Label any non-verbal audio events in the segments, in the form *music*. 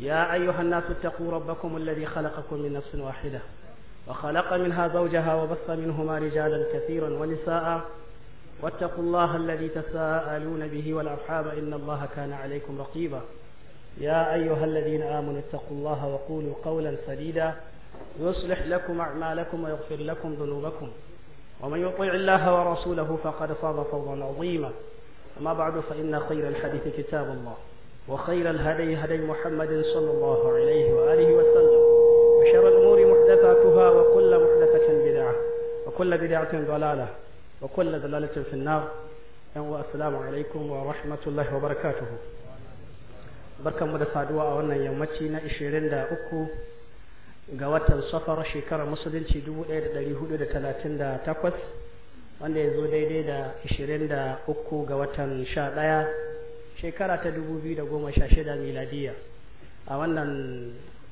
يا أيها الناس اتقوا ربكم الذي خلقكم من نفس واحدة وخلق منها زوجها وبث منهما رجالا كثيرا ونساء واتقوا الله الذي تساءلون به والأرحام إن الله كان عليكم رقيبا يا أيها الذين آمنوا اتقوا الله وقولوا قولا سديدا يصلح لكم أعمالكم ويغفر لكم ذنوبكم ومن يطيع الله ورسوله فقد فاض فوضا عظيما أما بعد فإن خير الحديث كتاب الله وخير الهدي هدي محمد صلى الله عليه وآله وسلم وشر الأمور محدثاتها وكل محدثة بدعة وكل بدعة ضلالة وكل ضلالة في النار السلام عليكم ورحمة الله وبركاته بركة مدفع دواء وانا يومتنا إشيرين دا أكو ga watan safar shekarar musulunci 1438 wanda ya zo daidai da 23 ga watan 11 shekara ta da 2016 miladiya a wannan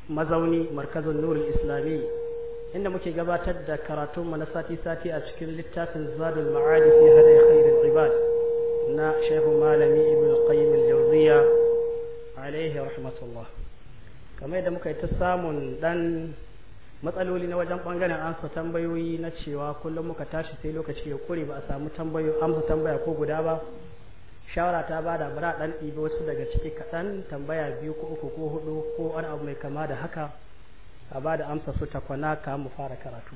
mazauni markazin nurul islami inda muke gabatar da karatun mu na sati-sati a cikin littafin zadul ma'adi fi hadai khairul ibad na shehu malami ibn qayyim al-jawziya alaihi rahmatullah kamar da muka yi ta samun dan matsaloli na wajen bangaren ansa tambayoyi na cewa kullum muka tashi sai lokaci ya kure ba a samu tambayo amsa tambaya ko guda ba shawara ta bada bara dan ɗibi wasu daga ciki kaɗan tambaya biyu ko uku ko hudu ko wani abu mai kama da haka a bada amsa su takwana ka mu fara karatu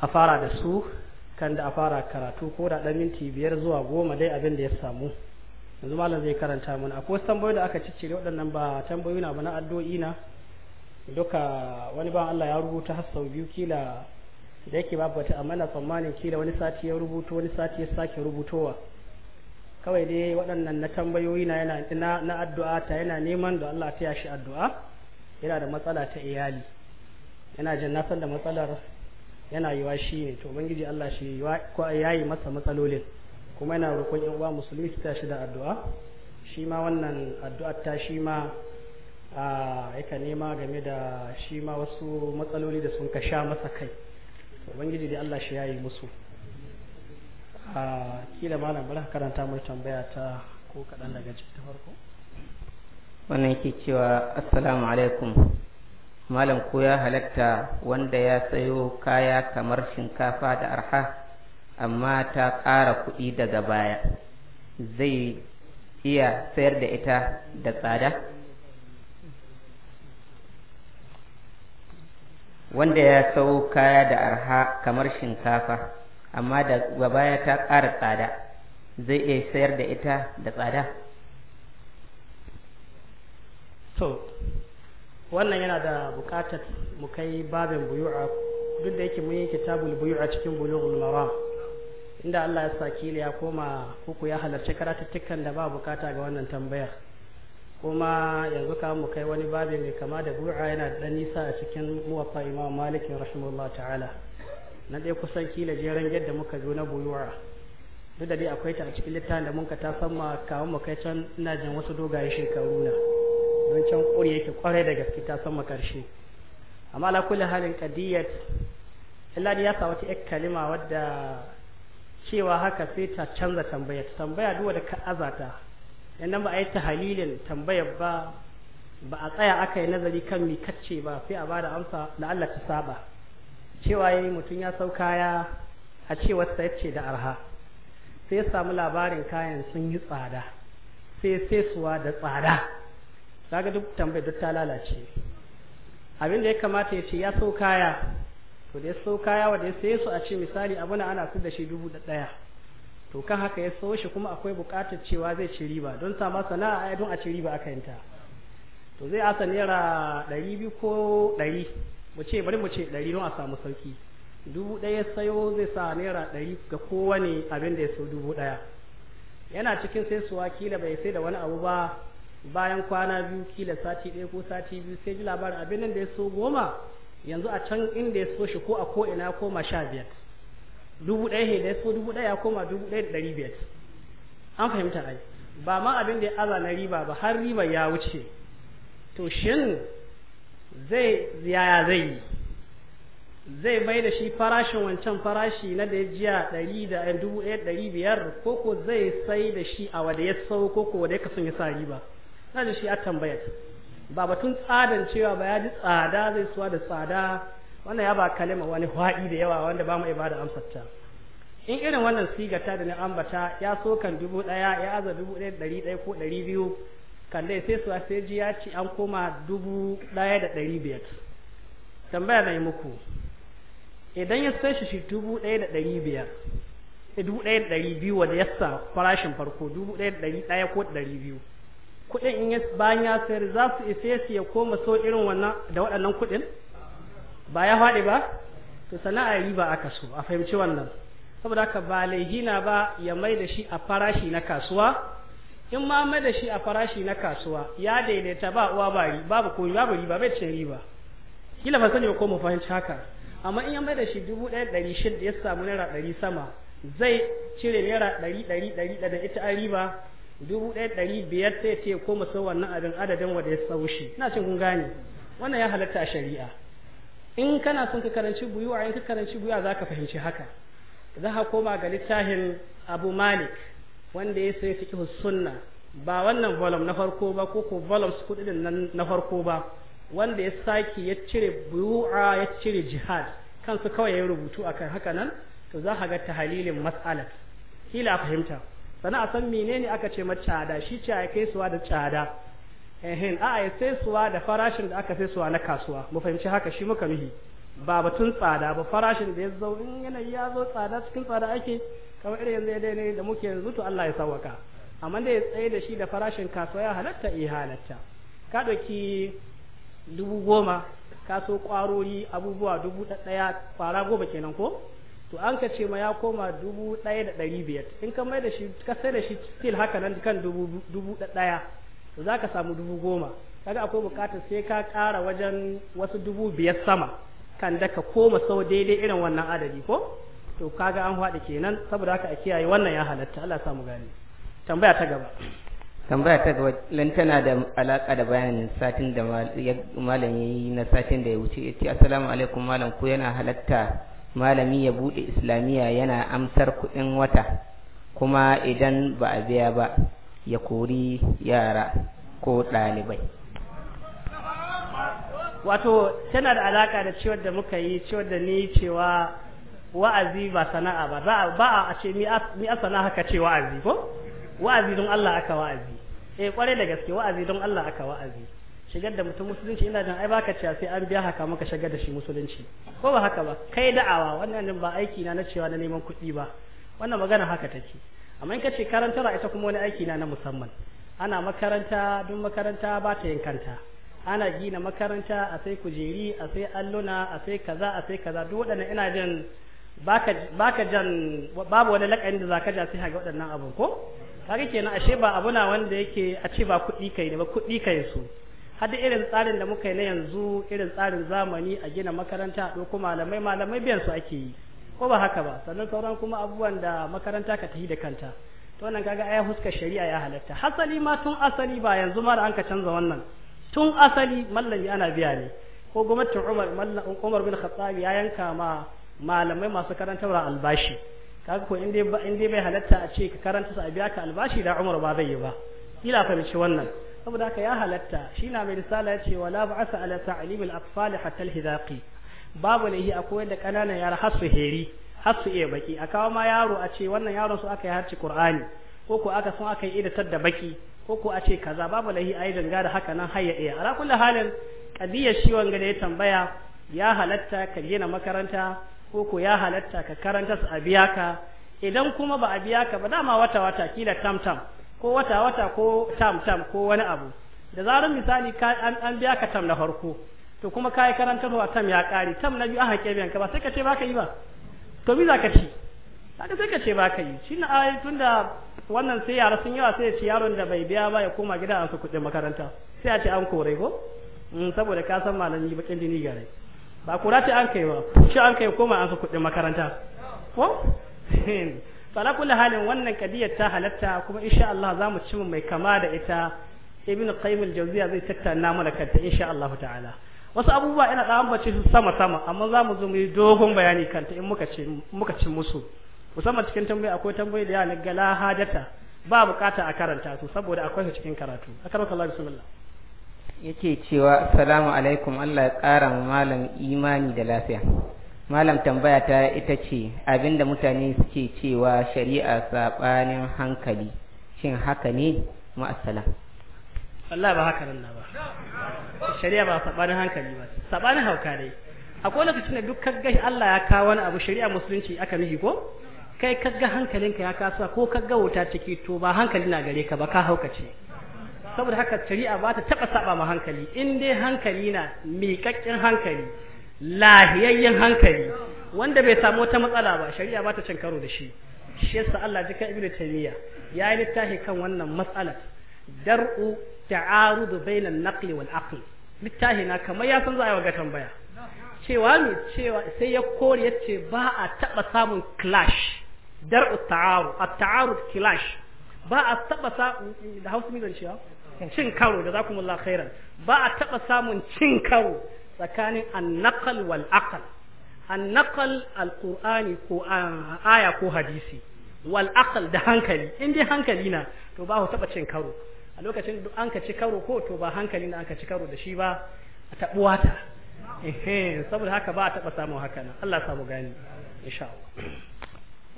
a fara da su kan da a fara karatu ko da ɗan minti biyar zuwa goma dai abin da ya samu yanzu malam zai karanta mana akwai wasu tambayoyi da aka ciccire waɗannan ba tambayoyi na ba na addu'o'i na duka wani ba Allah ya rubuta har sau biyu kila da yake babu wata amma na tsammanin da wani sati ya rubuto wani sati ya sake rubutowa kawai dai waɗannan na tambayoyi na na addu'a ta yana neman da Allah ta shi addu'a yana da matsala ta iyali yana jin san da matsalar yana yiwa shi ne to ubangiji Allah shi ko yayi masa matsalolin kuma yana roƙon yan uwa musulmi su tashi da addu'a shi ma wannan addu'ar ta shi ma a yaka nema game da shi ma wasu matsaloli da sun ka sha masa kai ubangiji da Allah shi yayi musu a kila malam bari karanta mai tambaya ta ko kaɗan daga cikin farko wannan yake cewa assalamu alaikum malam ko ya halatta wanda ya sayo kaya kamar shinkafa da arha amma ta ƙara kuɗi daga baya zai iya sayar da ita da tsada wanda ya sau kaya da arha kamar shinkafa amma da baya ta ƙara tsada zai iya sayar da ita da tsada to wannan yana da buƙatar mu kai babin buyu'a duk da yake mun yi kitabul buyu'a cikin bulughul maram inda Allah ya saki ya koma uku ya halarci karatuttukan da ba bukata ga wannan tambayar kuma yanzu ka mu kai wani babi mai kama da bu'a yana da dan nisa a cikin muwaffa imam malik rahimahullah ta'ala na dai kusan kila jeran yadda muka zo na buyuwa duk da dai akwai ta a cikin littafin da muka ta samma kawo mu kai can ina jin wasu dogaye shekaru na don can kuri yake kwarai da gaske ta samma karshe amma ala kulli halin qadiyat illa ya sa wata ek kalima wadda cewa haka sai ta canza tambaya tambaya duk da ka azata dan ba a yi tahalilin tambayar ba ba a tsaya aka yi nazari kan mi kacce ba sai a bada amsa da Allah ta saba cewa yayi mutum ya sau kaya a cewar sa yace da arha sai ya samu labarin kayan sun yi tsada sai sesuwa da tsada kaga duk tambayar duk ta lalace abin da ya kamata ya ce ya sau kaya to ya sau kaya wanda ya sai su a ce misali abuna ana su da shi dubu da ɗaya to kan haka ya so shi kuma akwai buƙatar cewa zai ci riba don sama sana'a don a ci riba aka yanta to zai asa naira ɗari biyu ko ɗari mu ce bari mu ce ɗari don a samu sauki dubu ɗaya sayo zai sa naira ɗari ga kowane abin da ya so dubu ɗaya yana cikin sai suwa kila bai sai da wani abu ba bayan kwana biyu kila sati ɗaya ko sati biyu sai ji labarin abin nan da ya so goma yanzu a can inda ya so shi ko a ko ina ko ma sha biyar dubu ɗaya he da so dubu ɗaya koma dubu ɗaya da ɗari biyar an fahimta ai ba ma abin da ya aza na riba ba har riba ya wuce to shin zai yaya zai yi zai bai da shi farashin wancan farashi na da ya jiya ɗari da eh, dubu ɗaya ɗari biyar ko ko zai sai da shi a wada ya sau ko ko wada ya kasan ya sa riba na da shi a tambayar ba batun tsadan cewa ba ya ji tsada zai suwa da tsada wannan ya ba kalima wani haɗi da yawa wanda ba mu ibada amsarta in irin wannan sigata da na ambata ya so kan dubu ɗaya ya aza dubu ɗaya ɗari ɗaya ko ɗari biyu kan dai sai su sai ji ya ci an koma dubu ɗaya da ɗari biyar tambaya na yi muku idan ya sai shi shi dubu ɗaya da ɗari biyar eh, dubu ɗaya da ɗari biyu wanda ya sa farashin farko dubu ɗaya da ɗari ɗaya ko ɗari biyu kuɗin in bayan ya sayar za su isa ya koma so irin wannan da waɗannan kuɗin ba ya faɗi ba to sana'a riba aka so a fahimci wannan saboda haka ba laihina ba ya mai da shi a farashi na kasuwa in ma mai da shi a farashi na kasuwa ya daidaita ba uwa ba babu ko babu riba bai cin riba kila fasani ko mu fahimci haka amma in ya mai da shi dubu ɗaya ɗari shida ya samu naira ɗari sama zai cire naira ɗari ɗari ɗari ɗari ita a riba dubu ɗaya ɗari biyar sai ce ko mu san wannan abin adadin wanda ya sau shi ina cin kun gane wannan ya halatta a shari'a in kana son ka karanci buyu in ka karanci buyu'a za ka fahimci haka za ka koma ga littafin abu malik wanda ya sai fiqh sunna ba wannan volume na farko ba ko ko volumes kudin nan na farko ba wanda ya saki ya cire buu'a ya cire jihad kansu kawai ya rubutu a kan haka nan to za ka ga tahalilin matsala kila fahimta sana a san menene aka ce ma tsada shi ce a kai suwa da tsada ehin a ya sai suwa da farashin da aka sai suwa na kasuwa mu fahimci haka shi muka mihi ba batun tsada ba farashin da ya zo in yanayi ya zo tsada cikin tsada ake kamar irin yanzu ya ne da muke yanzu to Allah ya sawaka amma da ya tsaye da shi da farashin kasuwa ya halatta eh halatta ka dauki dubu goma ka so ƙwarori abubuwa dubu ɗaya fara goma kenan ko to an ka ce ma ya koma dubu ɗaya da ɗari biyar in ka mai da shi ka sai da shi still haka nan kan dubu ɗaya to za ka samu dubu goma kaga akwai bukatar sai ka ƙara wajen wasu dubu biyar sama kan da ka koma sau daidai irin wannan adadi ko to kaga an haɗa kenan saboda haka a kiyaye wannan ya halatta Allah samu gani tambaya ta gaba tambaya ta gaba lan tana da alaka da bayanin satin da malam yi na satin da ya wuce ya ce assalamu alaikum malam ko yana halatta malami ya bude islamiya yana amsar kuɗin wata kuma idan ba a biya ba ya kori yara ko ɗalibai wato tana da alaƙa da ciwon da muka yi ciwon da ni cewa wa'azi ba sana'a ba ba a ce mi a sana'a ka ce wa'azi ko wa'azi don Allah aka wa'azi e eh, kware da gaske wa'azi don Allah aka wa'azi shigar da mutum musulunci ina jan ai baka cewa sai an biya haka maka shigar da shi musulunci ko ba haka ba kai da'awa wannan ba aiki na na cewa na neman kuɗi ba wannan magana haka take amma in ka ce karantarwa ita kuma wani aiki na na musamman ana makaranta duk makaranta ba ta yin kanta ana gina makaranta a sai kujeri a sai alluna a sai kaza a sai kaza duk waɗannan ina jin baka jan babu wani lakarin da zaka ja sai ga waɗannan abun ko kaga kenan ashe ba abu na wanda yake a ce ba kuɗi kai ne ba kuɗi kai su har da irin tsarin da muka yi na yanzu irin tsarin zamani a gina makaranta a ɗauko malamai malamai biyan su ake yi ko ba haka ba sannan sauran kuma abubuwan da makaranta ka tahi da kanta to wannan kaga aya huskar shari'a ya halatta hasali ma tun asali ba yanzu ma da an ka canza wannan tun asali mallami ana biya ne ko gwamnatin Umar mallam Umar bin Khattab ya yanka ma malamai masu karantarwa albashi kaga ko in dai in dai bai halatta a ce ka karanta su a biya ka albashi da Umar ba zai yi ba kila fahimci wannan saboda haka ya halatta shi na mai risala ya ce wala ba'asa ala ta'limil atfal hatta al babu laihi akwai da kananan yara har su heri har su iya baki a kawo ma yaro a ce wannan yaron su aka yi harci kur'ani ko ko aka son aka yi idatar da baki ko ko a ce kaza babu lahi a ayi danga da haka nan hayya iya ala kulli halin kadiyar shi wanga da ya tambaya ya halatta ka gina makaranta ko ko ya halatta ka karanta su a biya ka idan kuma ba a biya ka ba dama wata wata kila tam tam ko wata wata ko tam tam ko wani abu da zarar misali an biya ka tam na farko to kuma kai karantarwa tam ya kare tam na biyu hake biyan ka ba sai ka ce baka yi ba to mi zaka ci kaga sai ka ce baka yi shi na ayi tunda wannan sai yara sun yawa sai ya ci yaron da bai biya ba ya koma gida an su kuɗin makaranta sai a ce an kore ko mm, saboda ka san malami bakin jini gare ba kura ce an kai ba shi an kai koma an su kuɗin makaranta ko *laughs* fala kullu halin wannan kadiyar ta halatta kuma insha Allah za mu ci mai kama da ita ibn qayyim al-jawziya zai tattauna mana kanta insha Allah ta'ala wasu abubuwa ina da ambace su sama sama amma za mu zo mu yi dogon bayani kanta in muka ce muka ci musu musamman cikin tambayi akwai tambayi da yana gala hadata ba bukata a karanta su saboda akwai su cikin karatu akaraka Allah bismillah yake cewa assalamu alaikum Allah ya kara mu malam imani da lafiya malam tambaya ta ita ce abinda mutane suke cewa shari'a sabanin hankali shin haka ne assalamu Allah ba haka nan ba shari'a ba sabanin hankali ba sabanin hauka dai akwai lokacin da duk kaga Allah ya kawo wani abu shari'a musulunci aka mihi ko kai kaga ka ya kasa ko kaga wuta ciki to ba hankali na gare ka ba ka haukace saboda haka shari'a ba ta taba saba ma hankali in dai hankali na miƙaƙƙin hankali lahiyayyen hankali wanda bai samu wata matsala ba shari'a ba ta cin karo da shi shi yasa Allah jika ibnu taymiya ya yi littafi kan wannan matsalar dar'u ta'arudu bainan naqli wal aqli littahi na kamar ya san za a yi wa tambaya cewa ne cewa sai ya kore ya ce ba a taɓa samun clash dar ta'aru a ta'aru clash ba a taɓa samun da hausa mai cewa cin karo da za zakumullah khairan ba a taɓa samun cin karo tsakanin annaqal wal aqal annaqal alqur'ani ko aya ko hadisi wal aqal da hankali in dai hankali na to ba ku taɓa cin karo a lokacin duk an ka ci karo ko to ba hankali da an ka ci karo da shi ba a taɓuwa ta saboda haka ba a taɓa samun haka nan Allah samu gani insha Allah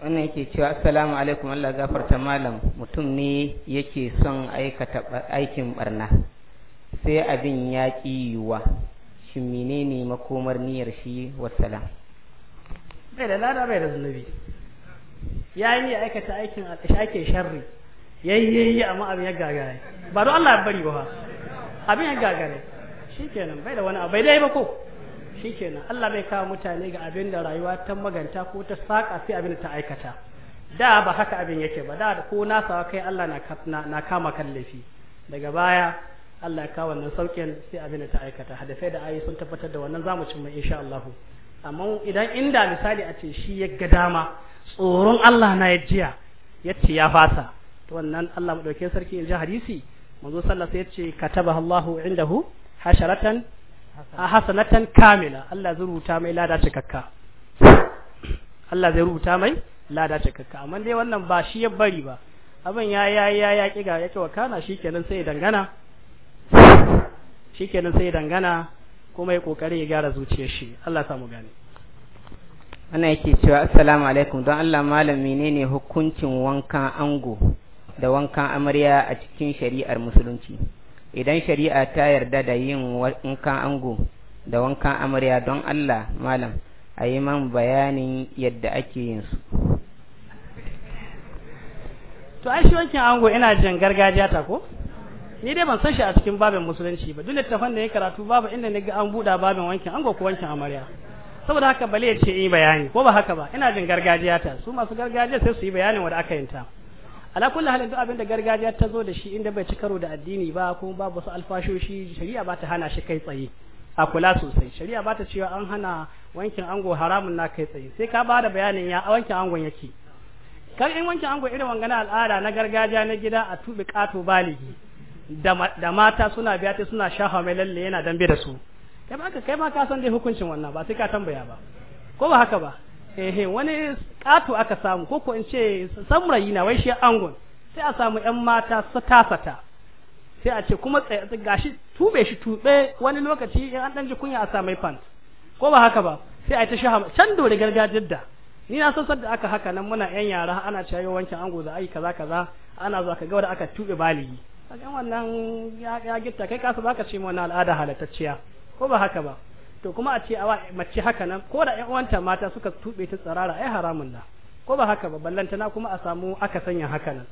wannan yake cewa assalamu alaikum Allah gafarta malam mutum ne yake son aikata aikin barna sai abin ya ki yiwuwa shin menene makomar niyyar shi wassalam bai da lada bai da zunubi ya yi aikata aikin ake sharri yayi amma abin ya gagare ba don Allah ya bari ba abin ya gagare shikenan bai da wani abu bai dai ba ko shikenan Allah bai kawo mutane ga abin da rayuwa ta maganta ko ta saka sai abin ta aikata da ba haka abin yake ba da ko na sawa kai Allah na na kama kan laifi daga baya Allah ya kawo wannan saukin sai abin ta aikata hadafai da ayi sun tabbatar da wannan zamu cimma insha Allah amma idan inda misali a ce shi ya ga dama tsoron Allah na ya jiya ya ya fasa to wannan Allah madauke sarki in ji hadisi manzo sallallahu alaihi wasallam ya ce kataba Allahu indahu hasharatan hasanatan kamila Allah zai rubuta mai lada cikakka Allah zai rubuta mai lada cikakka amma dai wannan ba shi ya bari ba abin ya ya ya ya kiga yake kana shikenan sai ya dangana shikenan sai ya dangana kuma ya kokari ya gyara zuciyar shi Allah samu gane ana yake cewa assalamu alaikum don Allah malam menene hukuncin wankan ango da wankan amarya a cikin shari'ar musulunci idan shari'a ta yarda da yin wankan ango da wankan amarya don Allah malam a yi man bayanin yadda ake yin su to ai shi wankin ango ina jin gargajiya ta ko ni dai ban san shi a cikin babin musulunci ba duk littafin da ya karatu babu inda na ga an buɗa babin wankin ango ko wankin amarya saboda haka bale ya ce yi bayani ko ba haka ba ina jin gargajiya ta su masu gargajiya sai su yi bayanin wanda aka yinta ala kulli halin duk abin gargajiya ta zo da shi inda bai ci karo da addini ba ko babu su alfashoshi shari'a ba ta hana shi kai tsaye a kula sosai shari'a ba ta cewa an hana wankin ango haramun na kai tsaye sai ka ba da bayanin ya a wankin angon yake kan in wankin ango irin wangana al'ada na gargajiya na gida a tuɓe ƙato baligi da mata suna biya ta suna shafa mai lalle yana dambe da su kai ma ka san dai hukuncin wannan ba sai ka tambaya ba ko ba haka ba ehe wani ƙato aka samu ko ko in ce samurai na wai shi angon sai a samu yan mata sata sata sai a ce kuma gashi tube shi tube wani lokaci in an danji kunya a samai pant ko ba haka ba sai a ta shi can dole gargajiyar da ni na san sadda aka haka nan muna ƴan yara ana cewa yau wankin ango za a yi kaza kaza ana zuwa ka ga wanda aka tube baligi kaga wannan ya gitta kai kasa baka ce mu wannan al'ada halatacciya ko ba haka ba to kuma a ce awa mace haka nan ko da ƴan uwanta mata suka tuɓe ta tsarara ai haramun na ko ba haka ba ballantana kuma a samu aka sanya haka nan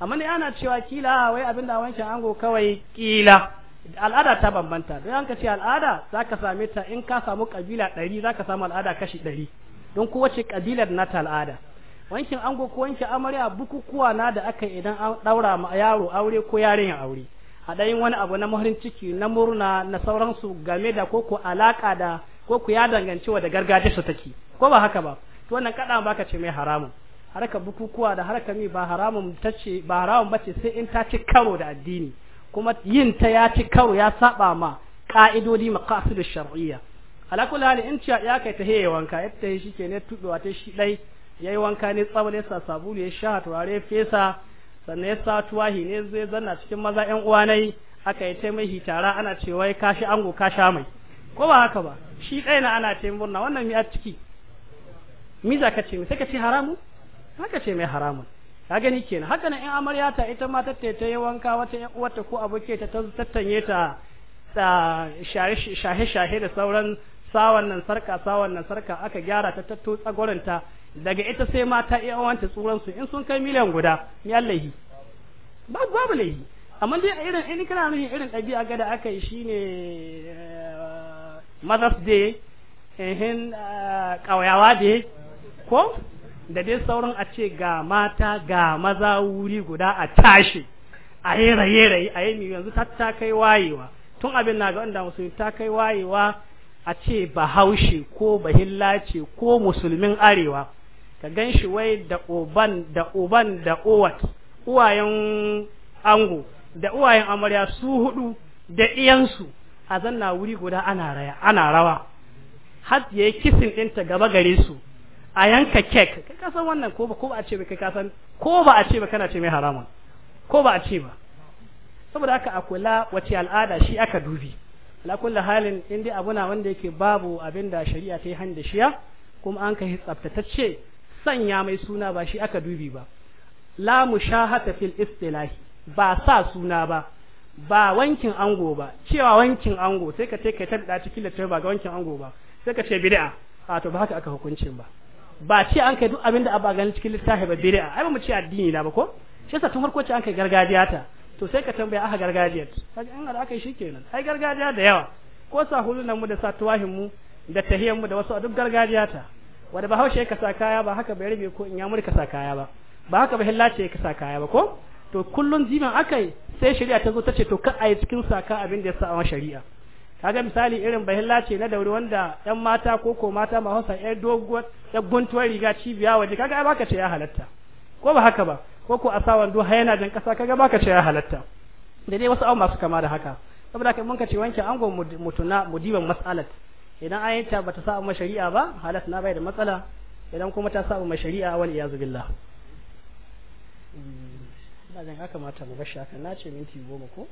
amma ne ana cewa kila ah, wai abin da wancan ango kawai kila al'ada ta bambanta don an ka ce al'ada zaka same ta in ka samu kabila ɗari zaka samu al'ada kashi ɗari don kowace kabilar na ta al'ada wankin ango ko wankin amarya bukukuwa na da aka idan an ɗaura ma yaro aure ko yarinya aure Haɗayin wani abu na muhrin ciki na murna na sauransu game da ko ku alaka da ko ku ya danganci wa da gargajiya su take ko ba haka ba to wannan kada ba ka ce mai haramun harkar bukukuwa da harkar mi ba haramun tace ba haramun bace sai in ta ci karo da addini kuma yin ta ya ci karo ya saba ma ka'idodi maqasid shar'iyya ala hali in ciya ya kai ta heye wanka ya ta shi ke ne tudowa ta shi dai yayi wanka ne tsabale sa sabulu ya sha turare fesa sannan ya sa tuwahi ne zai zanna cikin maza ƴan uwa nai aka yi taimai hitara ana cewa ya kashi ango ka sha mai ko ba haka ba shi ɗaya na ana taimai murna wannan mi ciki mi za ka ce mai sai ka ce haramu haka ce mai haramun ka gani kenan haka nan in amarya ta ita ma tatta ta yi wanka wata ƴan uwarta ko aboke ta tattanye ta shahe shahe da sauran sa wannan sarka sa wannan sarka aka gyara ta tatto tsagoranta daga ita sai mata iya wanta tsuran su in sun kai miliyan guda mi allahi babu babu lahi amma dai irin in kana nuni irin ɗabi'a ga da aka yi shine eh, mother's day in eh, ƙauyawa de ko da dai sauran a ce ga mata ga maza wuri guda a tashi a yi raye raye a yi yanzu ta kai wayewa tun abin na ga wanda musu ta kai wayewa a ce bahaushe ko bahillace ko musulmin arewa ka gan shi wai da oban da oban da owat uwayen ango da uwayen amarya su hudu da iyansu a zanna wuri guda ana rawa har ya yi kisin ɗinta gaba gare su a yanka kek kai ka san wannan ko ba ko ba a ce ba kai ka san ko ba a ce ba kana ce mai haramun ko ba a ce ba saboda haka a kula wace al'ada shi aka dubi ala kulli halin in dai abuna wanda yake babu abinda shari'a ta yi hande shiya kuma an kai tsaftatacce sanya mai suna ba shi aka dubi ba la mushahata fil istilahi ba sa suna ba ba wankin ango ba cewa wankin ango sai ka take ta da cikin littafin ba ga wankin ango ba sai ka ce bid'a a to ba haka aka hukuncin ba ba ce an kai duk abinda a ba ganin cikin littafi ba bid'a ai ba mu ce addini na ba ko shi yasa tun farko ce an kai gargajiya ta to sai ka tambaya aka gargajiyar kaji an da aka yi shikenan ai gargajiya da yawa ko hulunan mu da sa tuwahin mu da tahiyan mu da wasu a duk gargajiya ta wanda ba haushe ka sa kaya ba haka bai rabe ko in ya murka sa kaya ba ba haka ba hillace ka sa kaya ba ko to kullun jiman akai sai shari'a ta zo ta ce to ka a yi cikin saka abin da ya sa a shari'a kaga misali irin bahilla ce na dauri wanda yan mata ko ko mata ma hausa yan doguwar yan guntuwar riga cibiya waje kaga ai baka ce ya halatta ko ba haka ba ko ko a sa wando har yana jan kasa kaga baka ce ya halatta da dai wasu abu masu kama da haka saboda kai mun ka ce wanke angon mutuna mudiban mas'alat idan ayyanta bata sa mu shari'a ba halat na bai da matsala idan kuma ta sa mu shari'a wal iyazu billah ina jan haka mata mu bashi haka na ce minti goma ko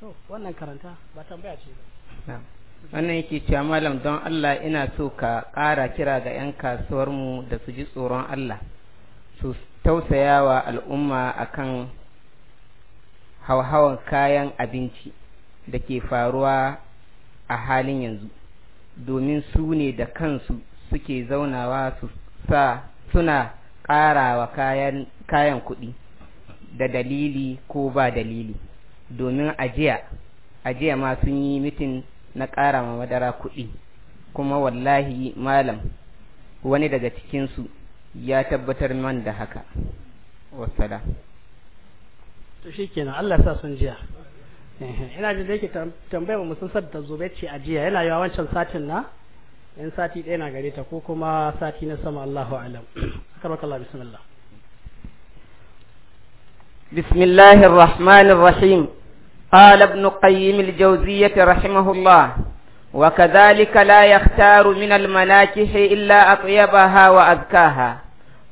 to wannan karanta ba tambaya ce ba na'am wannan yake cewa malam don Allah ina so ka ƙara kira ga 'yan kasuwarmu da su ji tsoron Allah su tausayawa al'umma a kan hauhawan kayan abinci da ke faruwa a halin yanzu domin su ne da kansu suke zaunawa su sa suna ƙarawa kayan, kayan kuɗi da dalili ko ba dalili domin ajiya ajiya ma sun yi mitin na ƙara ma madara kuɗi kuma wallahi malam wani daga cikinsu ya tabbatar man da haka wasala to shi kenan Allah sa sun jiya ina jin da yake tambayar mu sun sadda zobe ce a jiya yana yawa wancan satin na in sati ɗaya na gare ta ko kuma sati na sama Allahu alam *clears throat* akarwakallah bismillah bismillahir rahmanir rahim قال ابن قيم الجوزية رحمه الله وكذلك لا يختار من المناكح إلا أطيبها وأذكاها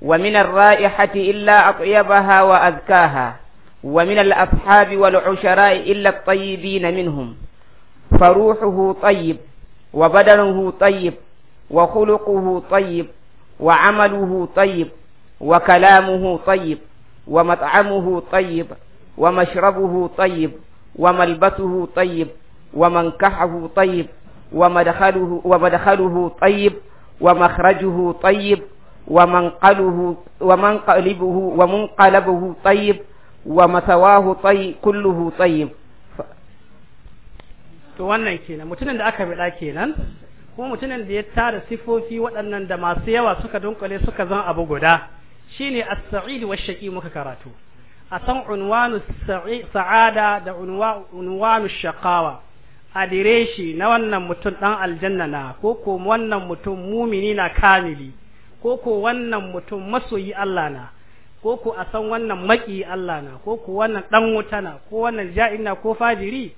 ومن الرائحة إلا أطيبها وأذكاها ومن الأصحاب والعشراء إلا الطيبين منهم فروحه طيب وبدنه طيب وخلقه طيب وعمله طيب وكلامه طيب ومطعمه طيب ومشربه طيب وملبسه طيب ومنكحه طيب ومدخله ومدخله طيب ومخرجه طيب ومنقله ومنقلبه ومنقلبه طيب ومثواه طيب كله طيب to wannan kenan mutumin da aka bada kenan ko mutumin da ya tara sifofi waɗannan da masu yawa suka dunkule suka zan abu guda shine as-sa'id wa shaqi muka karatu a san unwanu sa'ada da unwanu shakawa adireshi na wannan mutum dan aljanna na ko ko wannan mutum mumini na kamili ko ko wannan mutum masoyi Allah na ko ko a san wannan maki Allah na ko ko wannan dan wuta na ko wannan ja'in na ko fajiri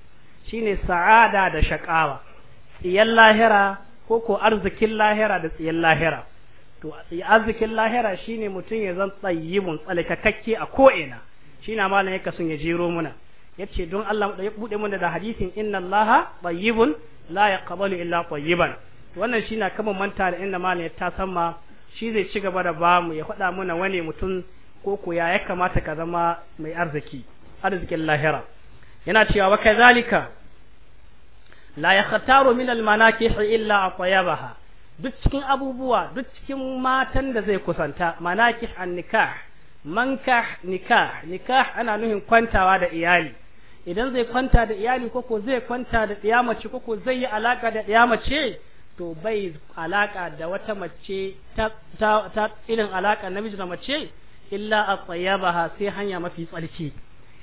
shine sa'ada da shakawa tsiyan lahira ko ko arzikin lahira da tsiyan lahira to arzikin lahira shine mutum ya zan tsayimun tsalkakakke a ko'ina shi na malam ya kasun ya jero muna yace don Allah ya bude muna da hadisin inna Allah tayyibun la yaqbalu illa tayyiban wannan shi na kama manta da inda malam ya ta sama shi zai ci gaba da bamu ya faɗa muna wani mutum ko ko ya kamata ka zama mai arziki arzikin lahira yana cewa wa zalika la yakhtaru min al-manakih illa atayabaha duk cikin abubuwa duk cikin matan da zai kusanta manakih an-nikah mankah nikah nikah ana nuhin kwantawa da iyali idan zai kwanta da iyali koko zai kwanta da ɗaya mace koko zai yi alaka da ɗaya mace to bai alaka da wata mace ta, irin alaka namiji da mace illa a tsayabaha sai hanya mafi tsarki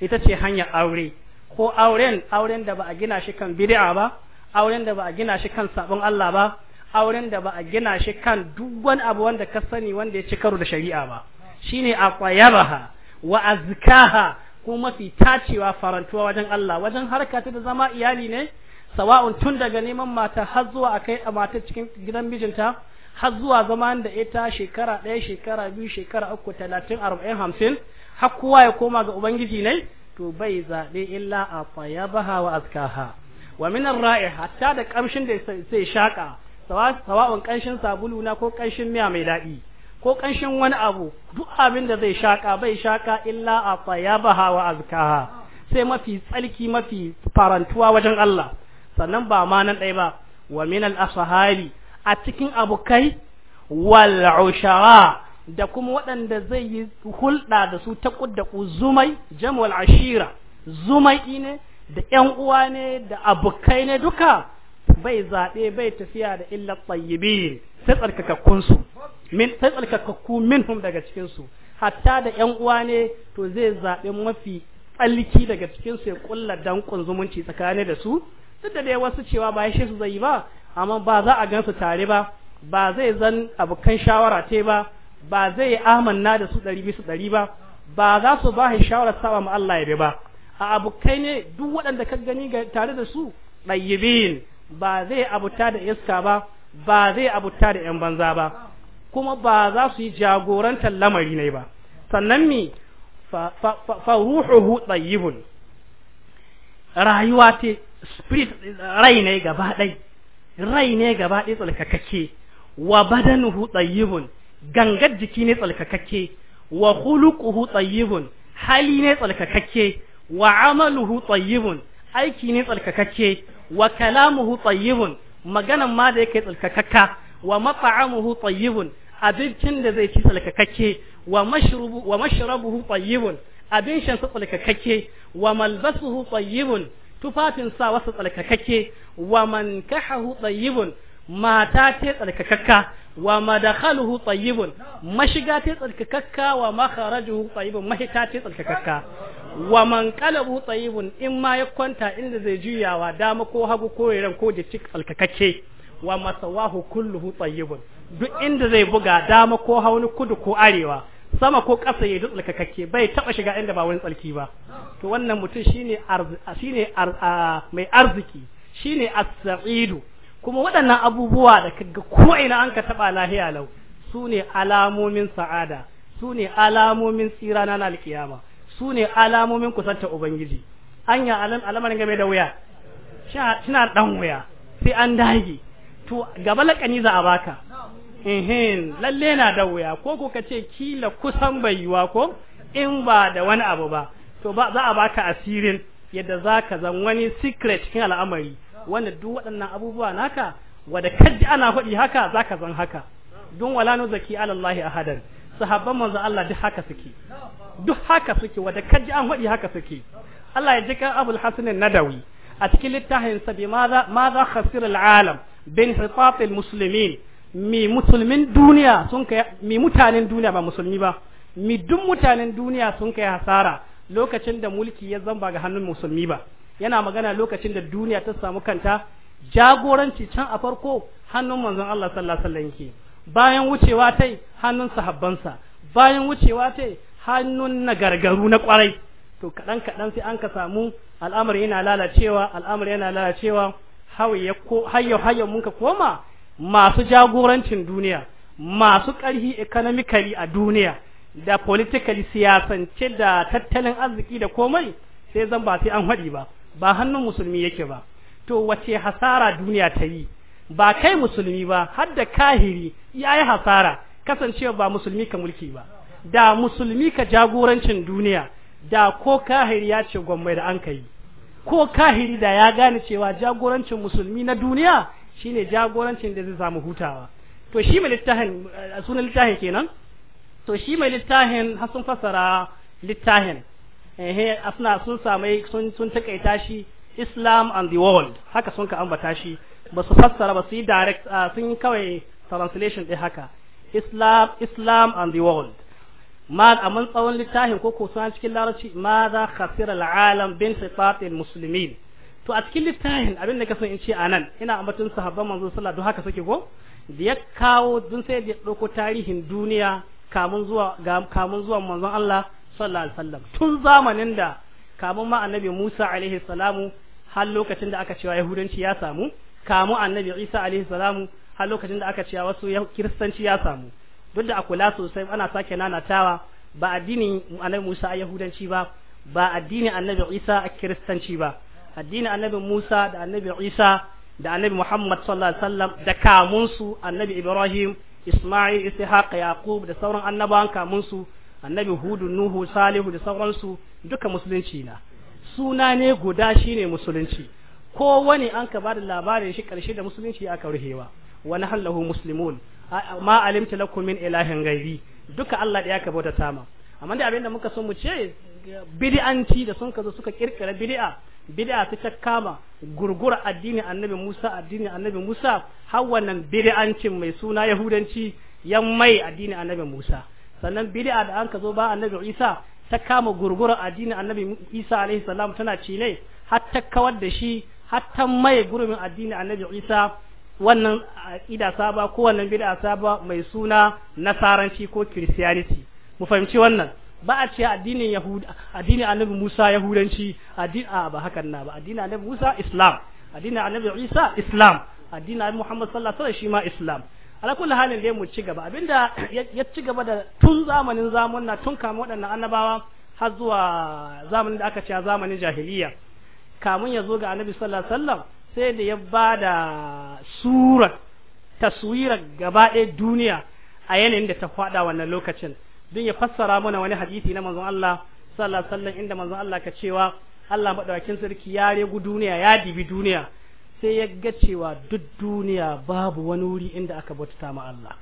ita ce hanya aure ko auren auren da ba a gina shi kan bid'a ba auren da ba a gina shi kan sabon Allah ba auren da ba a gina shi kan duk wani abu wanda ka sani wanda ya ci karo da shari'a ba shine aqyaraha wa azkaha ko mafi tacewa farantuwa wajen Allah wajen harka ta da zama iyali ne sawa'un tun daga neman mata har zuwa a kai a mata cikin gidan mijinta har zuwa zama da ita shekara ɗaya shekara biyu shekara uku talatin arba'in hamsin har kowa ya koma ga ubangiji ne to bai zaɓe illa a wa azkaha wa min ra'i hatta da ƙamshin da zai shaƙa sawa'un ƙanshin sabulu na ko kanshin miya mai daɗi ko kanshin wani abu duk abin da zai shaƙa bai shaƙa illa a tsayabaha wa azkaha sai mafi tsalki mafi farantuwa wajen Allah sannan ba ma nan ɗaya ba wa min al a cikin abokai wal ushara da kuma waɗanda zai yi hulɗa da su ta kudda zumai jam'ul ashira zumai ne da ƴan uwa ne da abokai ne duka bai zaɓe bai tafiya da illa tayyibin sai tsarkakakkun su min ta tsarkakakku minhum daga cikin hatta da ƴan uwa ne to zai zaɓi mafi tsalliki daga cikinsu ya kulla dankon zumunci tsakanin da su duk da dai wasu cewa ba shi su zai ba amma ba za a gansu tare ba ba zai zan abokan shawara te ba ba zai yi amanna da su ɗari bisa ɗari ba ba za su ba shi shawarar saba ma Allah ya ba a abokai ne duk waɗanda ka gani tare da su ɗayyibin ba zai abuta da iska ba ba zai abuta da yan banza ba kuma ba za su yi jagorantar lamari ne ba sannan mi fa tsayibun rayuwa ce spirit rai ne gaba ɗai rai ne gaba ɗai tsalkakakke wa badanuhu tsayibun gangar jiki ne tsalkakakke wa khuluquhu tsayibun hali ne tsalkakakke wa amaluhu tsayibun aiki ne tsalkakakke wa kalamuhu tsayibun maganan ma da yake tsalkakakka wa mat'amuhu tayyibun abincin da zai ci tsalkakakke wa mashrubu wa mashrabuhu tayyibun abin shan sa tsalkakakke wa malbasuhu tayyibun tufafin sa wasu tsalkakakke wa mankahahu tayyibun mata ce tsalkakakka wa ma madakhaluhu tayyibun mashiga ta tsalkakakka wa ma makharajuhu tayyibun mahita ta tsalkakakka wa man qalabu tayyibun in ma ya kwanta inda zai juyawa dama ko hagu ko yaran ko cik tsalkakakke wa masawahu kulluhu tayyibun duk inda zai buga dama ko hauni kudu ko arewa sama ko ƙasa ya dutsa tsarkakakke bai taba shiga inda ba wani tsarki ba to wannan mutum shine shine mai arziki shine as-sa'idu kuma waɗannan abubuwa da kaga ko ina an ka taɓa lahiya lau su ne alamomin sa'ada su ne alamomin tsira na alkiyama su ne alamomin kusanta ubangiji anya yi alamar game da wuya suna ɗan wuya sai an dage to gaba lakani za a baka ehin lalle na da wuya ko ko ce kila kusan bai yiwa ko in ba da wani abu ba to ba za a baka asirin yadda zaka zan wani secret cikin al'amari wanda duk waɗannan abubuwa naka wanda kaji ana faɗi haka zaka zan haka don wala nu zaki ala Allah ahadan sahabban manzo Allah duk haka suke duk haka suke wanda kaji an faɗi haka suke Allah ya jika Abul Hasan Nadawi a cikin littafin sa bi madha madha khasir al-alam bin hitat al-muslimin mi musulmin duniya sun kai mi mutanen duniya ba musulmi ba mi duk mutanen duniya sun kai hasara lokacin da mulki ya zamba ga hannun musulmi ba yana magana lokacin da duniya ta samu kanta jagoranci can a farko hannun manzon Allah sallallahu alaihi wasallam bayan wucewa tai hannun sahabbansa bayan wucewa tai hannun nagargaru na kwarai to kadan kadan sai an ka samu al'amari yana lalacewa al'amari yana lalacewa hawaye ko hayyo hayyo mun ka koma masu jagorancin duniya masu ƙarfi economically a duniya da politically siyasance da tattalin arziki da komai sai zan ba sai an haɗi ba ba hannun musulmi yake ba to wace hasara duniya ta yi ba kai musulmi ba har da kahiri ya yi hasara kasancewa ba musulmi ka mulki ba da musulmi ka jagorancin duniya da ko kahiri ya ce gwamnati da an kai ko kahiri da ya gane cewa jagorancin musulmi na duniya shine jagorancin da zai samu hutawa to shi mai littafin eh, sunan littafin kenan to shi mai littafin hasun fasara littahin. eh asna sun samai sun sun takaita shi Islam and the world haka sun ka ambata shi ba su fassara ba su yi direct ah, sun yi kawai translation ɗin haka Islam Islam and the world ma mun tsawon littafin ko ko cikin larabci ma za khasira al'alam bin sifatil muslimin to a cikin littafin abin da ka san in ce anan ina ambatun sahabban manzo sallallahu don haka suke ko da ya kawo dun sai da dauko tarihin duniya kamun zuwa kamun zuwan manzon Allah sallallahu alaihi wasallam tun zamanin da kamun ma annabi Musa alaihi salamu har lokacin da aka cewa yahudanci ya samu kamun annabi Isa alaihi salamu har lokacin da aka cewa wasu kiristanci ya samu duk da akula sosai ana sake nanatawa ba addini annabi Musa a yahudanci ba ba addini annabi Isa a kiristanci ba addini annabi Musa da annabi Isa da annabi Muhammad sallallahu alaihi wasallam da kamunsu annabi Ibrahim Isma'il Ishaq Yaqub da sauran annabawan kamunsu annabi hudu nuhu salihu da sauransu duka musulunci na suna ne guda shine musulunci ko wani an ka bada labarin shi karshe da musulunci aka ruhewa wa nahallahu muslimun ma alimta lakum min ilahin ghairi duka Allah da ya ka bauta tama amma da abinda muka so mu ce bid'anci da sun kazo suka kirkira bid'a bid'a ta ta kama gurgura addini annabi Musa addini annabi Musa har wannan bid'ancin mai suna yahudanci yan mai addini annabi Musa sannan bid'a da an ka zo ba annabi Isa ta kama gurgura addinin annabi Isa alaihi salam tana ci ne har ta kawar da shi har ta mai gurbin addinin annabi Isa wannan ida saba ko wannan bid'a saba mai suna nasaranci ko christianity mu fahimci wannan ba a ce addinin yahuda addinin annabi Musa yahudanci addini a ba hakan na ba addinin annabi Musa islam addinin annabi Isa islam addinin Muhammad sallallahu alaihi wasallam shi ma islam ala kulli halin dai mu ci gaba abinda ya ci gaba da tun zamanin zamunna tun kama waɗannan annabawa har zuwa zamanin da aka ce zamanin jahiliya kamun ya zo ga annabi sallallahu alaihi wasallam sai da ya bada surar taswirar gaba ɗaya duniya a yanayin da ta faɗa wannan lokacin don ya fassara mana wani hadisi na manzon Allah sallallahu alaihi wasallam inda manzon Allah ka cewa Allah madawakin sarki ya regu duniya ya dibi duniya sai ya ga cewa duk duniya babu wani wuri inda aka bauta ma Allah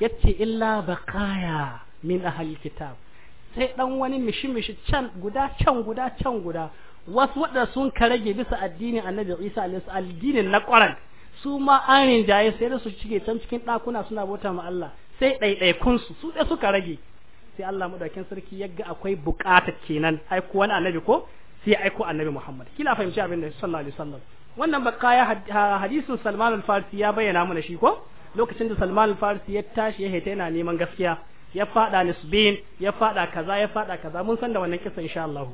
yace illa baqaya min ahli kitab sai dan wani mishi-mishi can guda can guda can guda wasu wadda sun karage bisa addinin Annabi Isa alaihi addinin na Quran su ma an rinjaye sai da su cike can cikin dakuna suna bauta ma Allah sai ɗaiɗaikun su su sai suka rage sai Allah madaukakin sarki ya ga akwai bukata kenan aiko wani annabi ko sai aiko annabi Muhammad kila fahimci abin da sallallahu alaihi wasallam wannan ba ya hadisin Salman al farsi ya bayyana mana shi ko lokacin da Salman al farsi ya tashi ya haita yana neman gaskiya ya fada nisbin ya fada kaza ya fada kaza mun san da wannan kisa insha Allah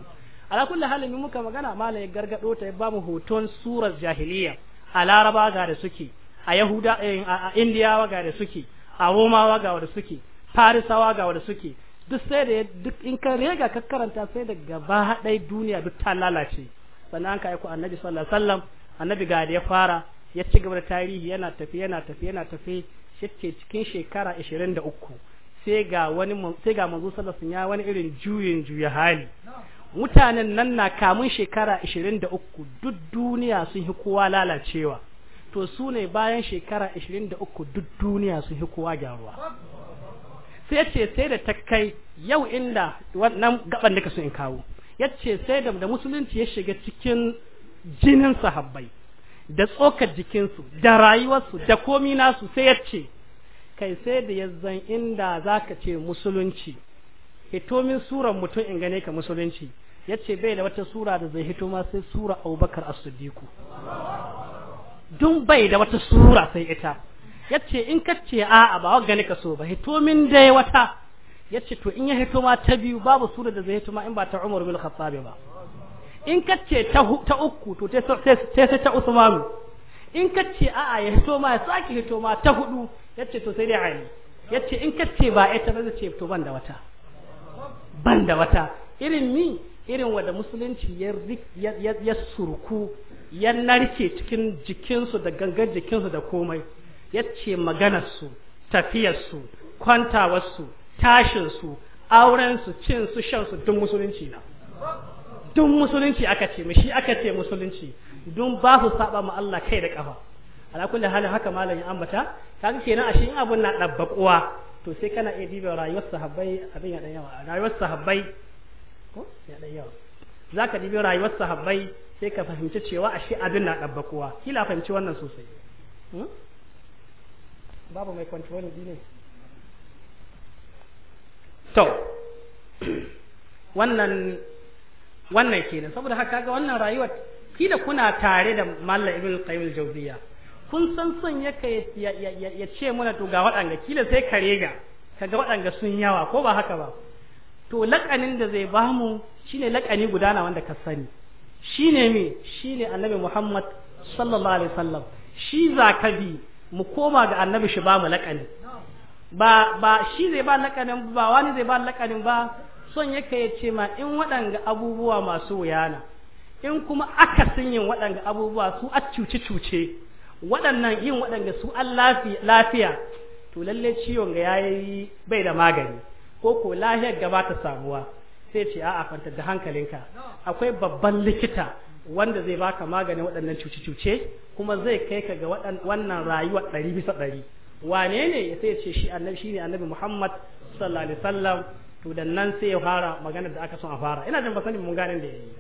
ala kulli halin muka magana malai gargado ta ya mu hoton surar jahiliya a Laraba ga da suke a Yahuda eh, a Indiyawa ga da suke a Romawa ga da suke Farisawa ga da suke duk sai da duk in ka rega ka karanta sai da gaba haɗai duniya duk ta lalace sannan ka ku annabi sallallahu alaihi wasallam annabi ga da ya fara ya ci gaba da tarihi yana tafi yana tafi yana tafi shike cikin shekara 23 sai ga wani sai ga manzo sallallahu ya wani irin juyin juya hali mutanen nan na kamun shekara 23 duk duniya sun yi kowa lalacewa to su ne bayan shekara 23 duk duniya sun yi kowa gyaruwa sai ce sai da ta kai yau inda wannan gaban da kasu in kawo yace sai da musulunci ya shiga cikin jinin sahabbai da tsokar jikinsu da rayuwarsu da komi nasu sai ya ce kai sai da yazzan inda za ka ce musulunci hitomin suran mutum in gane ka musulunci ya ce bai da wata sura da zai hito ma sai sura abubakar as sudiku dun bai da wata sura sai ita ya ce in ka ce a'a ba wa gane ka so ba hitomin dai wata ya ce to in ya hito ma ta biyu babu sura da zai hito ma in ba ta umar bin khattabi ba in ka ce ta uku to sai ta usmanu in ka ce a'a ya hito ma ya sake hito ma ta hudu ya ce to sai dai ali ya ce in ka ce ba ita ba zai ce to ban da wata banda wata irin ni irin wanda musulunci ya surku ya narke cikin jikinsu da gangan jikinsu da komai ya ce maganarsu tafiyarsu kwantawarsu tashinsu aurensu cinsu shansu duk musulunci na duk musulunci aka ce mu shi aka ce musulunci duk ba su saba ma Allah kai da kafa ala kulli hali haka malam ya ambata kaga kenan shi in abun na dabbakuwa to sai kana iya diba rayuwar sahabbai abin ya dan yawa rayuwar sahabbai ko ya dan yawa zaka dibi rayuwar sahabbai sai ka fahimci cewa ashe abin na dabbakuwa kila fahimci wannan sosai hmm? babu mai control ne to *clears throat* wannan wannan kenan saboda haka ga wannan rayuwar kila kuna tare da mallam ibn qayyim al-jawziya kun san son ya ya ce muna to ga waɗanga kila sai kare ga kaga waɗanga sun yawa ko ba haka ba to laƙanin da zai ba bamu shine laƙani guda wanda ka sani shine me shine annabi Muhammad sallallahu alaihi wasallam shi zakabi mu koma ga annabi shi ba mu laƙani ba ba shi zai ba lakanin ba wani zai ba laƙanin ba son yake ya ce ma in waɗanga abubuwa masu wuyana in kuma aka sun yin waɗanga abubuwa su a cuce-cuce waɗannan yin waɗanga su an lafiya to lalle ciwon ga yayi bai da magani ko ko lahiyar gaba ta samuwa sai ce a'a kwanta da hankalinka akwai babban likita wanda zai baka magani waɗannan cuce-cuce kuma zai kai ka ga wannan rayuwa ɗari bisa ɗari wane ne sai ce shi annabi shine annabi Muhammad sallallahu alaihi wasallam to da nan sai ya fara maganar da aka son a fara ina jin ba sani mun gane da yayi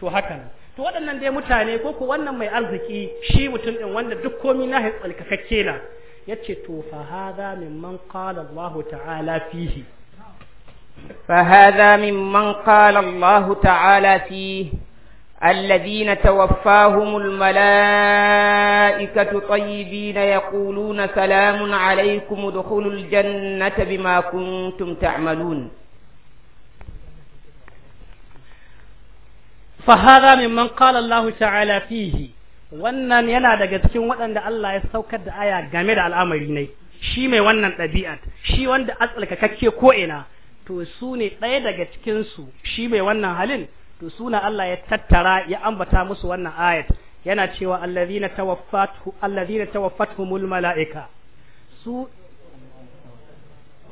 to haka nan to waɗannan dai mutane ko ko wannan mai arziki shi mutum din wanda duk komi na tsalkakakke na yace to fa hadha mimman qala Allah ta'ala fihi fa hadha mimman qala Allah ta'ala fihi الذين توفاهم الملائكة طيبين يقولون سلام عليكم ادخلوا الجنة بما كنتم تعملون fa hada mimman qala Allah ta'ala fihi wannan yana daga cikin waɗanda Allah ya saukar da aya game da al'amari ne shi mai wannan ɗabi'at shi wanda atsalkakakke ko ina to su ne ɗaya daga cikin su shi mai wannan halin to suna Allah ya tattara ya ambata musu wannan ayat yana cewa allazina tawaffatu allazina tawaffatuhumul malaika su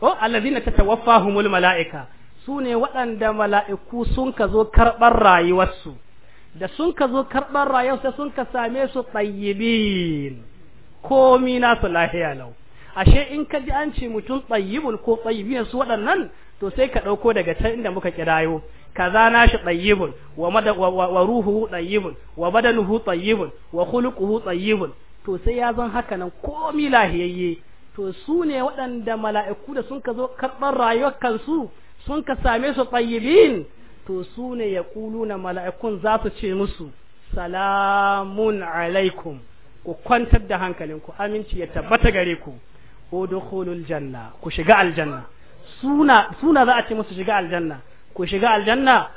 oh allazina tatawaffahumul malaika su ne waɗanda mala'iku sun ka zo karɓar rayuwarsu da sun ka zo karɓar rayuwarsu sun ka same su tsayyibin komi nasu lahiya lau ashe in ka ji an ce mutum tsayyibun ko tsayyibin su waɗannan to sai ka ɗauko daga can inda muka kirayo kaza nashi tayyibun wa mada wa ruhu tayyibun wa badanuhu tayyibun wa khuluquhu tayyibun to sai ya zan haka nan komi lahiyayye to su ne waɗanda mala'iku da sun ka zo karɓar rayuwar kansu sun ka same su tayyibin to su ne na mala'ikun za su ce musu salamun alaikum ku kwantar da hankalinku aminci ya tabbata gare ku udkhulul janna ku shiga aljanna suna za a ce musu shiga aljanna ku shiga aljanna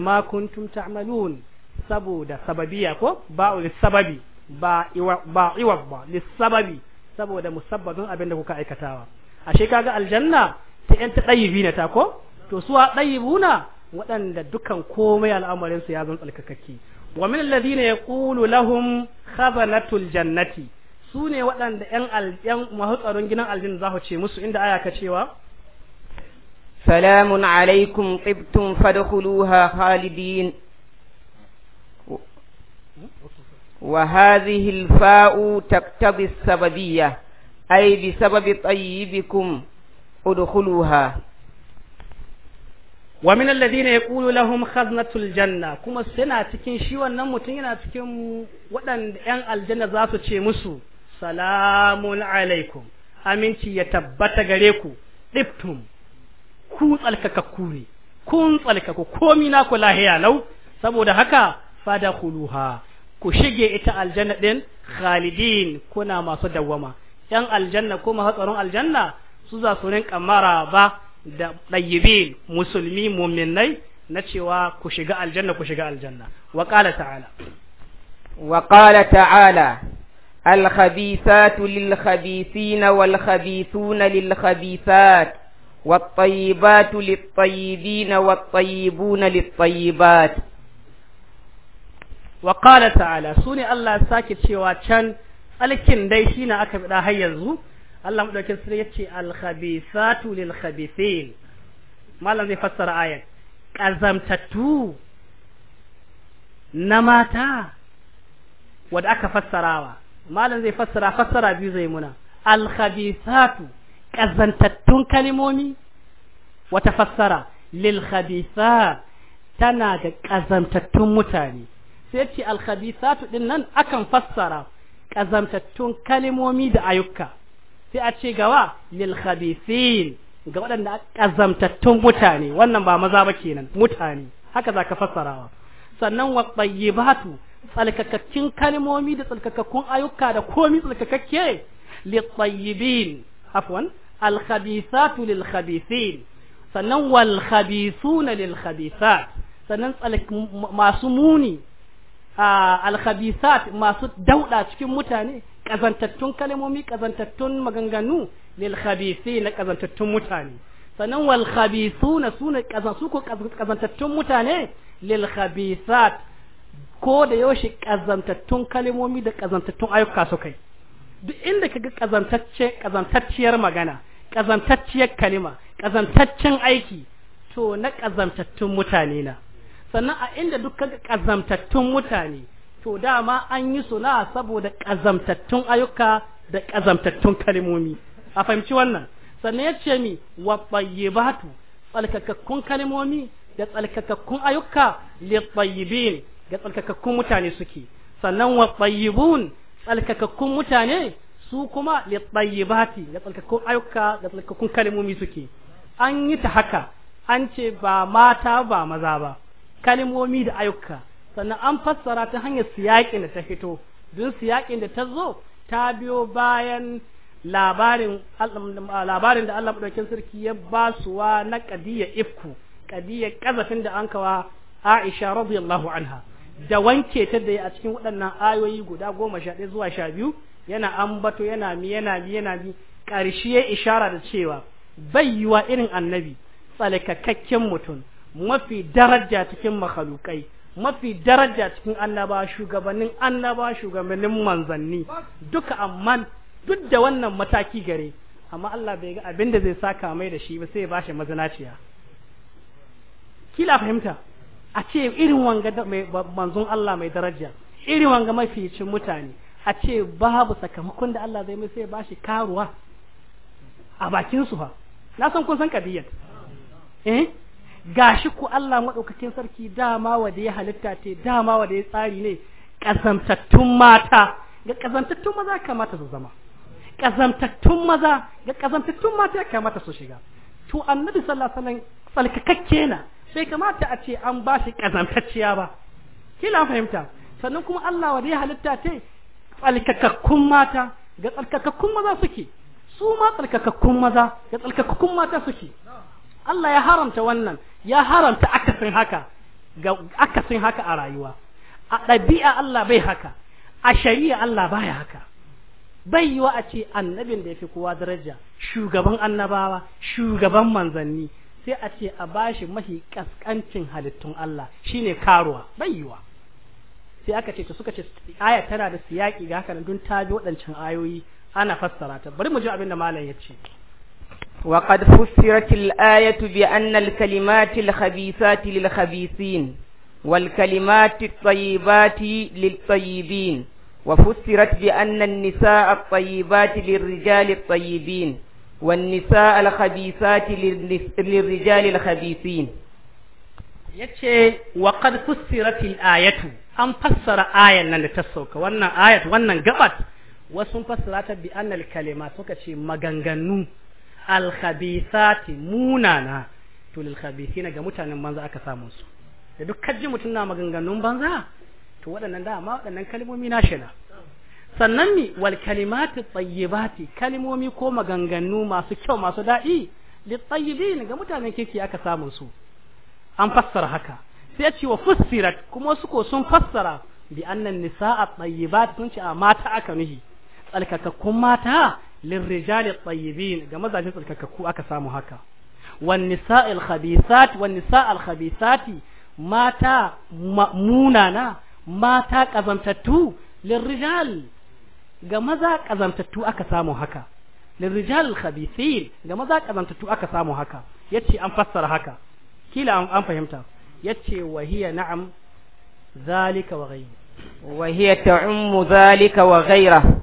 makon kuntum ta'malun saboda sababiya ko ba sababi ba iwa ba lissababi saboda musabbabin abin da kuka aikatawa ashe kaga aljanna ta yan tadayibi ne ta ko to suwa ɗayibuna waɗanda dukan komai al'amarinsu ya zan tsalkakakke wa min alladhina yaqulu lahum khazanatul jannati su ne waɗanda ‘yan aljan masu tsaron gidan aljin za ce musu inda aya ka cewa salamun alaikum tsibtun fadkhuluha khalidin wa hadhihi alfa'u taktabi sababiyya ay bi sababi tayyibikum udkhuluha wa min alladhina yaqulu lahum khaznatul janna kuma suna cikin shi wannan mutum yana cikin waɗanda ƴan aljanna za su ce musu salamun alaikum aminci ya tabbata gare ku diftum ku tsalkakakku ne kun tsalkaku komi na ku lahiya lau saboda haka fada kuluha ku shige ita aljanna din khalidin kuna masu dawwama ƴan aljanna ko masu aljanna su za su rinka maraba da ɗayyibin musulmi muminai na cewa ku shiga aljanna ku shiga aljanna wa ƙala ta'ala wa ƙala ta'ala الخبيثات na والخبيثون للخبيثات na للطيبين والطيبون للطيبات وقال تعالى سوني Allah ساكت cewa can alkin dai na aka bida har yanzu Allah madaukin sarki yace al-khabithatu lil-khabithin malam zai fassara ayan kazamtattu na mata wadda aka fassarawa malam zai fassara fassara biyu zai muna al-khabithatu kazantattun kalimomi wata fassara lil khabitha tana da kazantattun mutane sai ce al khabithatu din nan akan fassara kazantattun kalimomi da ayyuka sai a ce gawa lil khabithin ga waɗanda kazamtattun mutane wannan ba maza ba kenan mutane haka zaka fassarawa sannan wa tayyibatu tsalkakakkin kalmomi da tsalkakakkun ayyuka da komi tsalkakakke li tayyibin afwan al khabithatu lil khabithin sannan wal khabithuna lil khabithat sannan masu muni al khabithat masu dauda cikin mutane kazantattun kalmomi kazantattun maganganu lil na kazantattun mutane sannan wal khabithuna suna kazansu ko kazantattun mutane lil khabithat ko da yaushe kazantattun kalmomi da kazantattun ayyuka su kai duk inda kaga kazantacce kazantacciyar magana kazantacciyar kalima kazantaccen aiki to na kazantattun mutane na sannan a inda duk kaga kazantattun mutane to dama an yi suna saboda ƙazamtattun ayyuka da ƙazamtattun kalimomi a fahimci wannan sannan ya ce mi wa tsayyibatu tsalkakakkun kalimomi da tsalkakakkun ayyuka li tsayyibin ga tsalkakakkun mutane suke sannan wa tsayyibun tsalkakakkun mutane su kuma li tsayyibati da tsalkakakkun ayyuka da tsalkakakkun kalimomi suke an yi ta haka an ce ba mata ba maza ba kalimomi da ayyuka sannan an fassara ta hanyar siyaƙin da ta fito don siyaƙin da ta zo ta biyo bayan labarin da Allah madaukakin sarki ya ba basuwa na qadiyya ifku ƙadiyar kazafin da an kawa Aisha radiyallahu anha da wanke ta da a cikin waɗannan ayoyi guda goma sha ɗaya zuwa sha biyu yana ambato yana mi yana mi yana mi ƙarshe ya ishara da cewa bai yiwa irin annabi tsalkakakken mutum mafi daraja cikin makhalukai mafi daraja cikin annaba shugabannin annaba shugabannin manzanni duka amma duk da wannan mataki gare amma Allah bai ga abin da zai saka mai da shi ba sai ya bashi mazinaciya kila fahimta a ce irin wanga mai manzon Allah mai daraja irin wanga mafi cin mutane a ce babu sakamakon da Allah zai mai sai ya bashi karuwa a bakin su fa na san kun san kadiyar eh gashi ku Allah madaukakin sarki dama wanda ya halitta te dama wanda ya tsari ne ƙazamtattun mata ga kazamtattun maza kamata su zama ƙazamtattun maza ga ƙazamtattun mata kamata su shiga to annabi sallallahu alaihi wasallam falkakakke na sai kamata a ce an ba shi kazamtacciya ba kila fahimta sannan kuma Allah wanda ya halitta te falkakakkun mata ga tsarkakakkun maza suke su ma tsarkakakkun maza ga tsarkakakkun mata suke Allah ya haramta wannan ya haramta akasin haka ga akasin haka a rayuwa a ɗabi'a Allah bai haka a shari'a Allah baya haka bai yiwa a ce annabin da ya fi kowa daraja shugaban annabawa shugaban manzanni sai a ce a bashi mahi kaskancin halittun Allah shine karuwa bai yiwa sai aka ce ta suka ce aya tana da siyaki ga haka don ta bi waɗancan ayoyi ana fassara ta bari mu ji abin da malam ya ce وقد فسرت الآية بأن الكلمات الخبيثات للخبيثين والكلمات الطيبات للطيبين وفسرت بأن النساء الطيبات للرجال الطيبين والنساء الخبيثات للرجال الخبيثين yace wa qad fussiratil ayatu an fassara ayan nan da ta sauka wannan ayat wannan gabat wasu fassara ta bi annal kalima suka ce maganganu alkhabithati munana to lil ga mutanen banza aka samu su da duk kaji mutun na maganganun banza to waɗannan dama waɗannan kalmomi na shina sannan mi wal kalimati tayyibati kalmomi ko maganganu masu kyau masu daɗi li tayyibin ga mutanen kike aka samu su an fassara haka sai ce wa fassirat kuma su ko sun fassara bi annan nisaa tayyibat sun ce a mata aka nuhi tsalkakakkun mata للرجال الطيبين ga mazaje tsarkakakku aka samu haka munana mata kazantattu lirrijal ga maza a aka samu haka aka samu haka yace an fassara haka kila an fahimta yace wahiya na'am zalika wa وهي تعم ذلك وغيره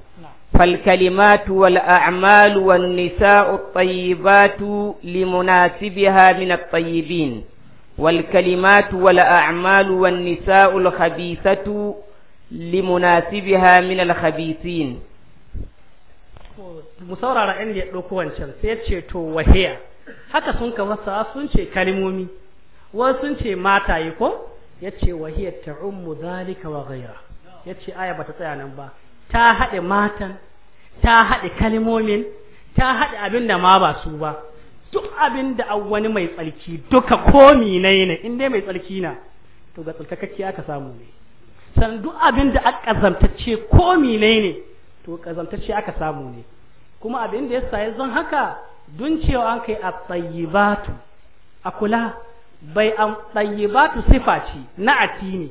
فالكلمات والأعمال والنساء الطيبات لمناسبها من الطيبين والكلمات والأعمال والنساء الخبيثة limunasibiha min alkhabisin mu saurara inda ya ɗauko wancan sai ya ce to wahiya haka sun ka wasa sun ce kalimomi wasu sun ce mataye ko ya ce wahiya ta ummu zalika wa ghaira ya ce aya bata tsaya nan ba ta haɗe matan ta haɗe kalmomin ta haɗe abin da ma ba su ba duk abin da an wani mai tsarki duka komi na ne in mai tsarki na to ga tsarkakacce aka samu ne sannan duk abin da aka ƙazamtacce komi na ne to ƙazamtacce aka samu ne kuma abin da ya sayi zan haka dun cewa an kai a tsayibatu a kula bai an tsayibatu sifa ce na addini ne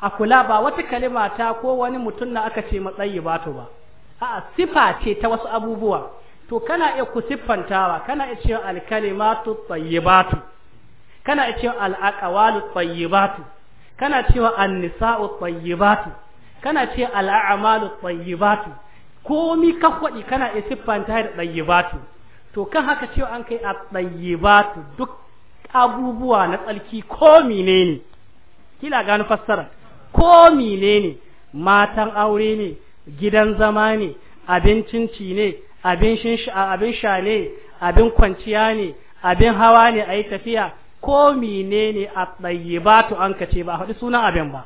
a kula ba wata kalima ta ko wani mutum na aka ce matsayi ba to ba a'a sifa ce ta wasu abubuwa to kana iya ku siffantawa kana iya cewa alkalimatu tayyibatu kana iya cewa alaqawalu tayyibatu kana cewa annisa'u tayyibatu kana cewa al'amalu tayyibatu komi ka kwadi kana iya siffanta da tayyibatu to kan haka cewa an kai a tayyibatu duk abubuwa na tsarki ne ne kila gano fassara ko mine ne matan aure ne gidan zama ne abincin ci ne abin sha ne abin kwanciya ne abin hawa ne a yi tafiya ko mine ne a tsaye ba to an kace ba a faɗi sunan abin ba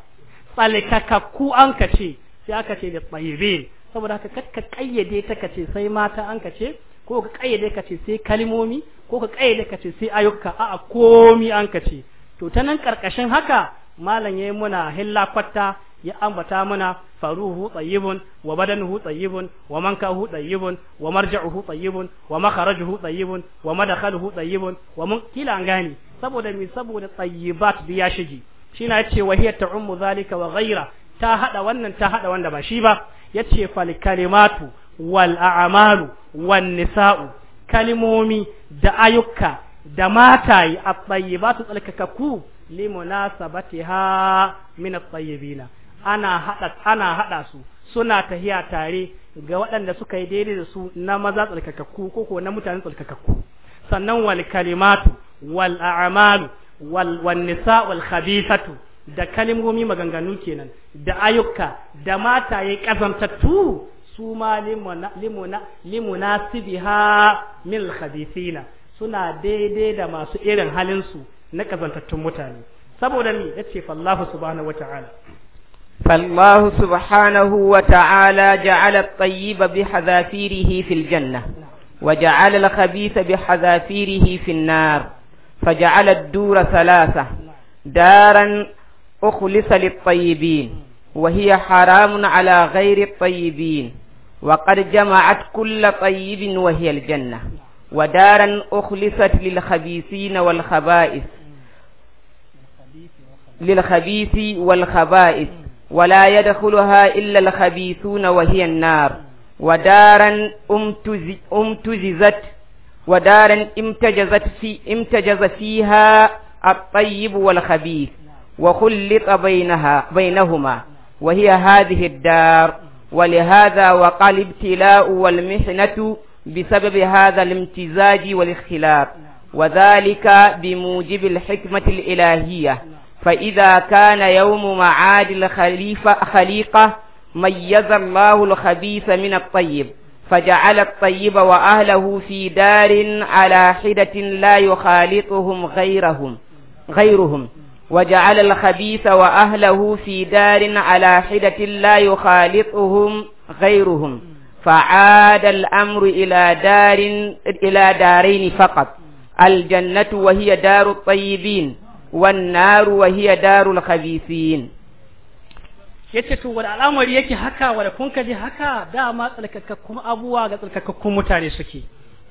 tsalkakakku an kace sai aka ce da tsayibe saboda haka ka kayyade ta kace sai mata an kace ko ka kayyade ka ce sai kalmomi ko ka kayyade ka ce sai ayyuka a'a komi an kace to ta nan ƙarƙashin haka malam yayi muna hilla kwatta ya ambata muna faruhu tayyibun wa badanuhu tayyibun wa mankahu tayyibun wa marja'uhu tayyibun wa makharajuhu tayyibun wa madakhaluhu tayyibun wa mun kila gani saboda mi saboda tayyibat da ya shige shi na yace wa hiya ta'ummu zalika wa ghaira ta hada wannan ta hada wanda ba shi ba yace fal kalimatu wal a'malu wan nisa'u kalimomi da ayyuka da matayi at-tayyibatu tsalkakaku Limuna min at-tayyibin ana hada ana hada su suna tahiya tare ga waɗanda suka yi daidai da su na maza tsalkakakku ko ko na mutane tsalkakakku sannan wal kalimatu wal a'malu wal nisa wal khabithatu da kalimomi maganganu kenan da ayyuka da mata yi kazantattu su ma limuna sibiha min khabithina suna daidai da masu irin halinsu na kazantattun mutane saboda ni yace fallahu subhanahu wata'ala فالله سبحانه وتعالى جعل الطيب بحذافيره في الجنة وجعل الخبيث بحذافيره في النار فجعل الدور ثلاثة دارا أخلص للطيبين وهي حرام على غير الطيبين وقد جمعت كل طيب وهي الجنة ودارا أخلصت للخبيثين والخبائث للخبيث والخبائث ولا يدخلها إلا الخبيثون وهي النار ودارا امتززت ودارا امتجزت في امتجز فيها الطيب والخبيث وخلط بينها بينهما وهي هذه الدار ولهذا وقع الابتلاء والمحنة بسبب هذا الامتزاج والاختلاف وذلك بموجب الحكمة الإلهية فإذا كان يوم معاد الخليفة خليقة ميز الله الخبيث من الطيب فجعل الطيب وأهله في دار على حدة لا يخالطهم غيرهم غيرهم وجعل الخبيث وأهله في دار على حدة لا يخالطهم غيرهم فعاد الأمر إلى دار إلى دارين فقط الجنة وهي دار الطيبين والنار وهي دار الخبيثين yace to wani al'amari yake haka wani kun ka ji haka dama tsalkakakkun abubuwa ga tsalkakakkun mutane suke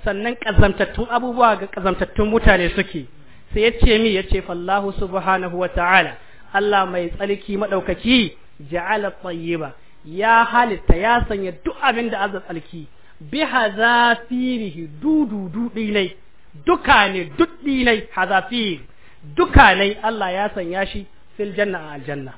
sannan kazamtattun abubuwa ga kazantattun mutane suke sai yace mi yace fallahu subhanahu wa ta'ala Allah mai tsalki madaukaki ja'ala tayyiba ya halitta ya sanya duk abin da azza tsalki bi hazafirihi dududu dinai duka ne duk dinai hazafir duka ne Allah ya sanya shi fil janna a aljanna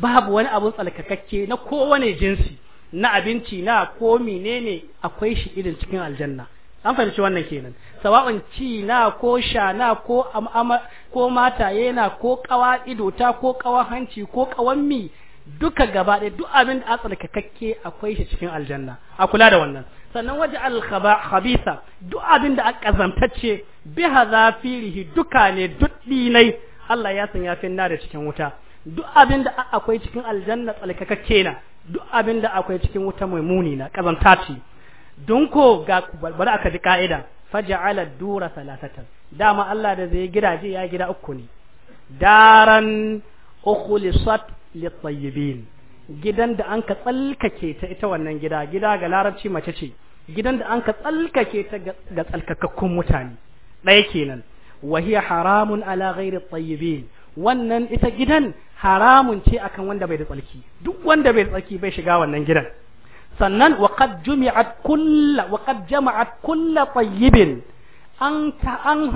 babu wani abun tsalkakakke na kowane jinsi na abinci na ko menene akwai shi irin cikin aljanna an fahimci wannan kenan sawa'un ci na ko sha na ko am'ama ko mata na ko kawa ido ta ko kawa hanci ko kawan mi duka gaba ɗaya duk abin da a tsalkakakke akwai shi cikin aljanna a kula da wannan sannan waje alkhaba khabisa duk abin da aka biha biha zafirihi duka ne duddi ne Allah ya san ya finna da cikin wuta duk abin da akwai cikin aljanna tsalkakakke na duk abin da akwai cikin wuta mai muni na kazanta ce don ko ga bari aka ji ka'ida faja'ala dura salasatan dama Allah da zai gidaje ya gida uku ne daran ukhlisat lit-tayyibin gidan da an ka tsalkake ta ita wannan gida gida ga larabci mace ce gidan da an ka tsalkake ta ga tsalkakakkun mutane ɗaya kenan wahiya haramun ala ghairi tayyibin wannan ita gidan haramun ce akan wanda bai da tsalki duk wanda bai da tsalki bai shiga wannan gidan sannan waqad jumi'at kullu waqad jama'at kullu tayyibin an ta an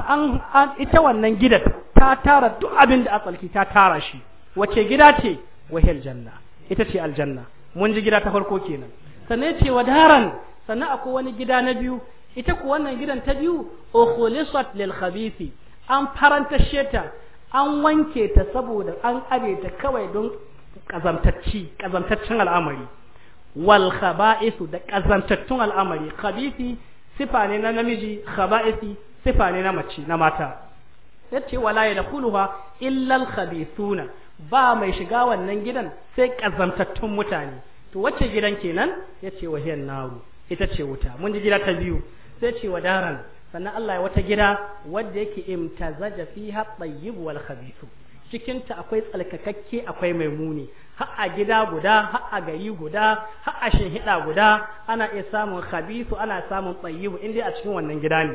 an ita wannan gidan ta tara duk abin da a tsalki ta tara shi wace gida ce wahil janna ita ce aljanna mun ji gida ta farko kenan sannan ce daran sannan akwai wani gida na biyu ita ku wannan gidan ta biyu ukhulisat lil khabisi an faranta sheta an wanke ta saboda an are ta kawai don kazamtacci kazamtaccen al'amari wal khaba'isu da kazamtattun al'amari khabisi sifa ne na namiji khaba'isi sifa ne na mace na mata yace wala yadkhuluha illa al khabithuna ba mai shiga wannan gidan sai kazantattun mutane to wacce gidan kenan ya ce wa hiyan naru ita ce wuta mun ji gida ta biyu sai ce wa daran sannan Allah ya wata gida wadda yake imtazaja fi tayyib wal khabisu cikin ta akwai tsalkakakke akwai mai muni har gida guda har a gari guda har a guda ana iya samun khabisu ana samun tayyib inda a cikin wannan gida ne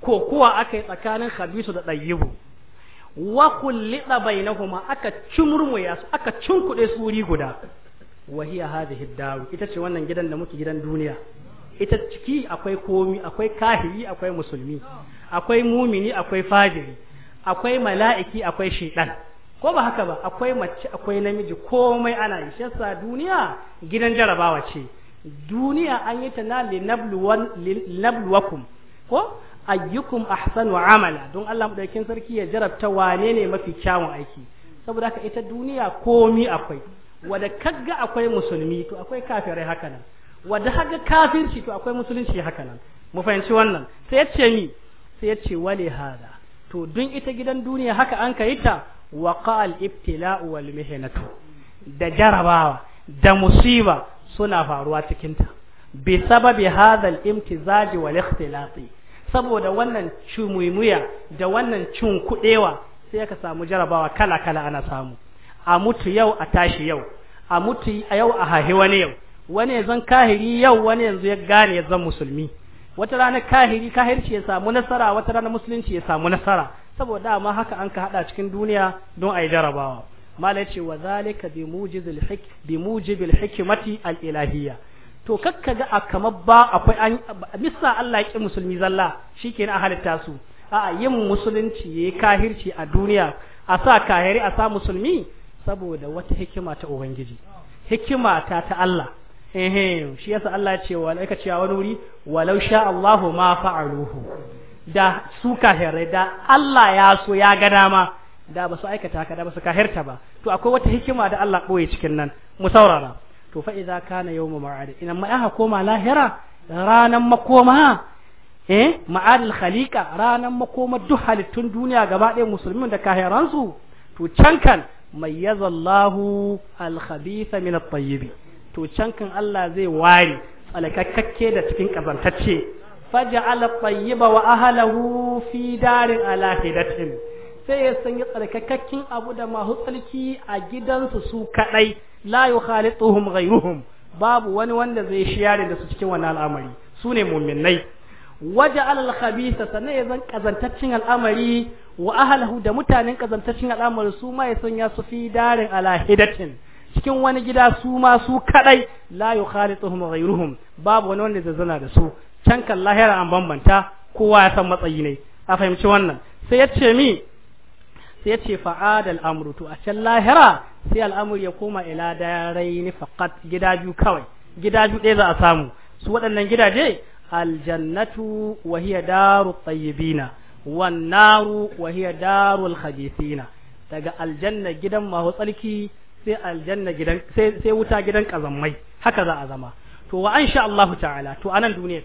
ko kuwa aka yi tsakanin khabisu da ɗayibu. wa kullida bainahuma aka cimurmuya su aka cinkude su wuri guda wa hiya hadhihi daru ita ce wannan gidan da muke gidan duniya ita ciki akwai komi akwai kahiyi akwai musulmi akwai mumini akwai fajiri akwai mala'iki akwai shaitan ko ba haka ba akwai mace akwai namiji komai ana yi shesa duniya gidan jarabawa ce duniya an yi ta na linabluwakum ko ayyukum ahsanu amala don Allah madaukakin sarki ya jarabta wane ne mafi kyawun aiki saboda haka ita duniya komi akwai wada akwai musulmi to akwai kafirai haka nan wada haga kafirci to akwai musulunci haka nan mu fahimci wannan sai ya ce ni sai ya ce wale hada to dun ita gidan duniya haka an kai ta waqa al ibtila'u wal mihnatu da jarabawa da musiba suna faruwa cikin ta bi sababi hadha al imtizaji wal ikhtilati saboda wannan cumuimuya da wannan cin kuɗewa sai ka samu jarabawa kala kala ana samu a mutu yau a tashi yau a mutu yau a hahi wani yau wani ya kahiri yau wani yanzu ya gane ya zan musulmi wata rana kahiri kahirci ya samu nasara wata rana musulunci ya samu nasara saboda amma haka an ka hada cikin duniya don a yi jarabawa malai ce wa zalika bi mujibil hikmati al to kakka ga a kamar ba akwai an bisa Allah ya ki musulmi zalla shikenan a halitta su a yin musulunci yayi kahirci a duniya a sa kahiri a sa musulmi saboda wata hikima ta ubangiji hikima ta ta Allah eh shi yasa Allah ce wa laika ciya wani wuri walau sha Allahu ma fa'aluhu da su kahirai da Allah ya so ya ga dama da ba su aikata ka da ba su kahirta ba to akwai wata hikima da Allah boye cikin nan mu saurara to fa idza kana yawmu ma'ad idan ma aka koma lahira ranan makoma eh ma'adil khaliqa ranan makoma duk halittun duniya gaba ɗaya musulmin da kahiransu to can kan mayyazallahu al-khabitha min at-tayyib to can kan Allah zai ware tsalakakakke da cikin kazantacce faja'ala ala tayyiba wa ahlihi fi darin ala sai ya sanya tsarkakakkin abu da masu tsarki a gidansu su kadai la yukhalituhum ghayruhum babu wani wanda zai shiyare da su cikin wani al'amari su ne mu'minai waje alal khabisa sannan ya zan kazantaccen al'amari wa ahlahu da mutanen kazantaccen al'amari su ma ya sanya su fi darin alahidatin cikin wani gida su ma su kadai la yukhalituhum ghayruhum babu wani wanda zai zana da su can kan lahira an bambanta kowa ya san matsayi ne a fahimci wannan sai ya ce mi sai ce fa'adal amru to a can lahira sai al'amuri ya koma ila daraini faqat gida biyu kawai gida biyu ɗaya za a samu su waɗannan gidaje aljannatu wa hiya daru tayyibina wan naru wa hiya darul khabithina daga aljanna gidan mahu tsarki sai aljanna gidan sai wuta gidan kazammai haka za a zama to wa insha Allah ta'ala to anan duniyar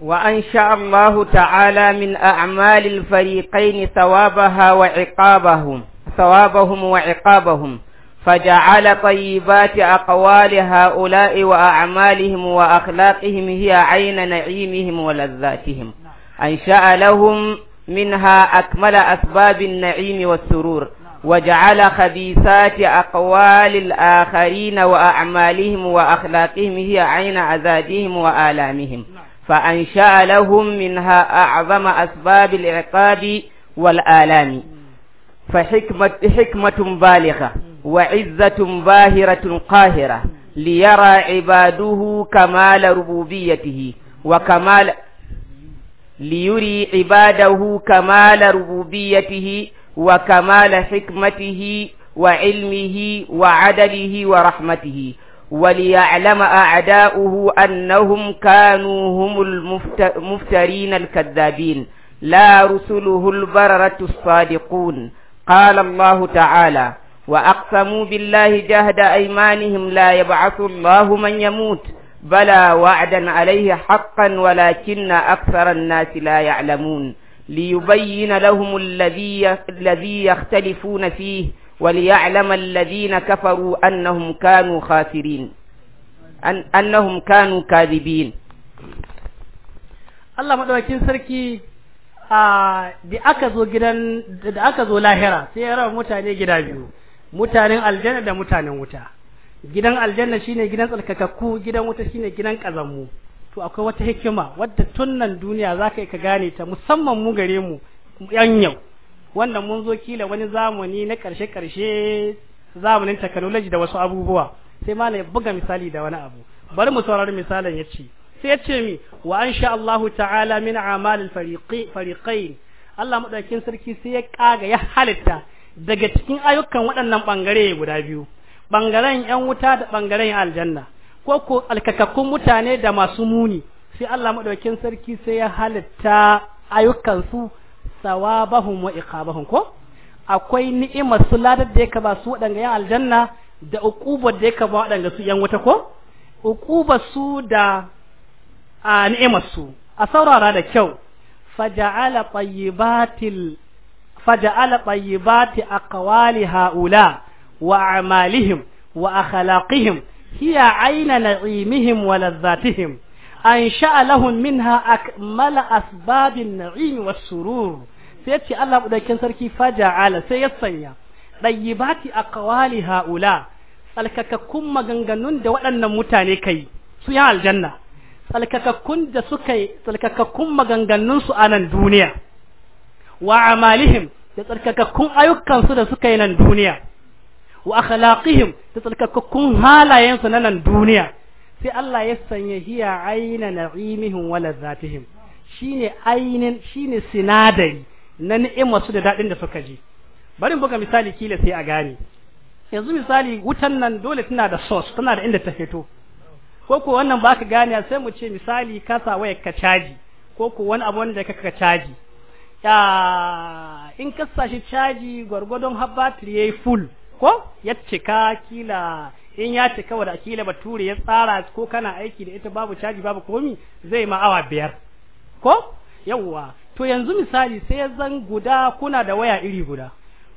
وأنشأ الله تعالى من أعمال الفريقين ثوابها وعقابهم ثوابهم وعقابهم فجعل طيبات أقوال هؤلاء وأعمالهم وأخلاقهم هي عين نعيمهم ولذاتهم أنشأ لهم منها أكمل أسباب النعيم والسرور وجعل خبيثات أقوال الآخرين وأعمالهم وأخلاقهم هي عين عذابهم وآلامهم فأنشأ لهم منها أعظم أسباب العقاب والآلام فحكمة حكمة بالغة وعزة باهرة قاهرة ليرى عباده كمال ربوبيته وكمال ليري عباده كمال ربوبيته وكمال حكمته وعلمه وعدله ورحمته وليعلم أعداؤه أنهم كانوا هم المفترين الكذابين لا رسله البررة الصادقون قال الله تعالى وأقسموا بالله جهد أيمانهم لا يبعث الله من يموت بلى وعدا عليه حقا ولكن أكثر الناس لا يعلمون ليبين لهم الذي الذي يختلفون فيه وليعلم الذين كفروا أنهم كانوا خاسرين أن أنهم كانوا كاذبين الله كن سركي da aka zo gidan da aka zo lahira sai ya raba mutane gida biyu mutanen aljanna da mutanen wuta gidan aljanna shine gidan tsarkakakku gidan wuta shine gidan kazammu to akwai wata hikima wadda tun duniya zaka yi ka gane ta musamman mu gare mu yan yau wannan mun zo kila wani zamani na karshe karshe zamanin technology da wasu abubuwa sai ma ya buga misali da wani abu bari mu saurari misalin yace sai yace mi wa sha Allahu ta'ala min a'malil fariqi fariqain Allah madaukin sarki sai ya kaga ya halitta daga cikin ayyukan waɗannan bangare guda biyu bangaren yan wuta da bangaren aljanna ko ko alkakakkun mutane da masu muni sai Allah madaukin sarki sai ya halitta ayyukan su sawabahum wa iqabahum ko akwai ni'imar su ladar da yake ba su waɗanga yan aljanna da uqubar da yake ba waɗanga su yan wata ko uqubar su da a ni'imar su a saurara da kyau faja'ala tayyibatil faja'ala tayyibati aqwali haula wa a'malihim wa akhlaqihim hiya ayna na'imihim wa ladzatihim أنشأ لهم منها asbabin أسباب النعيم surur. sai ce Allah madaukakin sarki faja'ala sai ya sanya dayyibati aqwali haula tsalkakakkun maganganun da waɗannan mutane kai su ya aljanna tsalkakakkun da suka maganganun su a nan duniya wa amalihim da tsalkakakkun ayyukan su da suka yi nan duniya wa akhlaqihim da tsalkakakkun halayen su na nan duniya sai Allah ya sanya hiya aina na'imihim wa ladzatihim shine ainin shine sinadari na ni'imar su da daɗin da suka ji bari buga misali kila sai a gane yanzu misali wutan nan dole tana da sos tana da inda ta fito ko ko wannan ba gane sai mu ce misali ka sa waya ka caji ko ko wani abu wanda ka caji ya in ka sa shi caji gwargwadon har batiri yayi full ko ya cika kila in ya cika wada kila bature ya tsara ko kana aiki da ita babu caji babu komi zai ma awa biyar ko yawwa to yanzu misali sai zan guda kuna da waya iri guda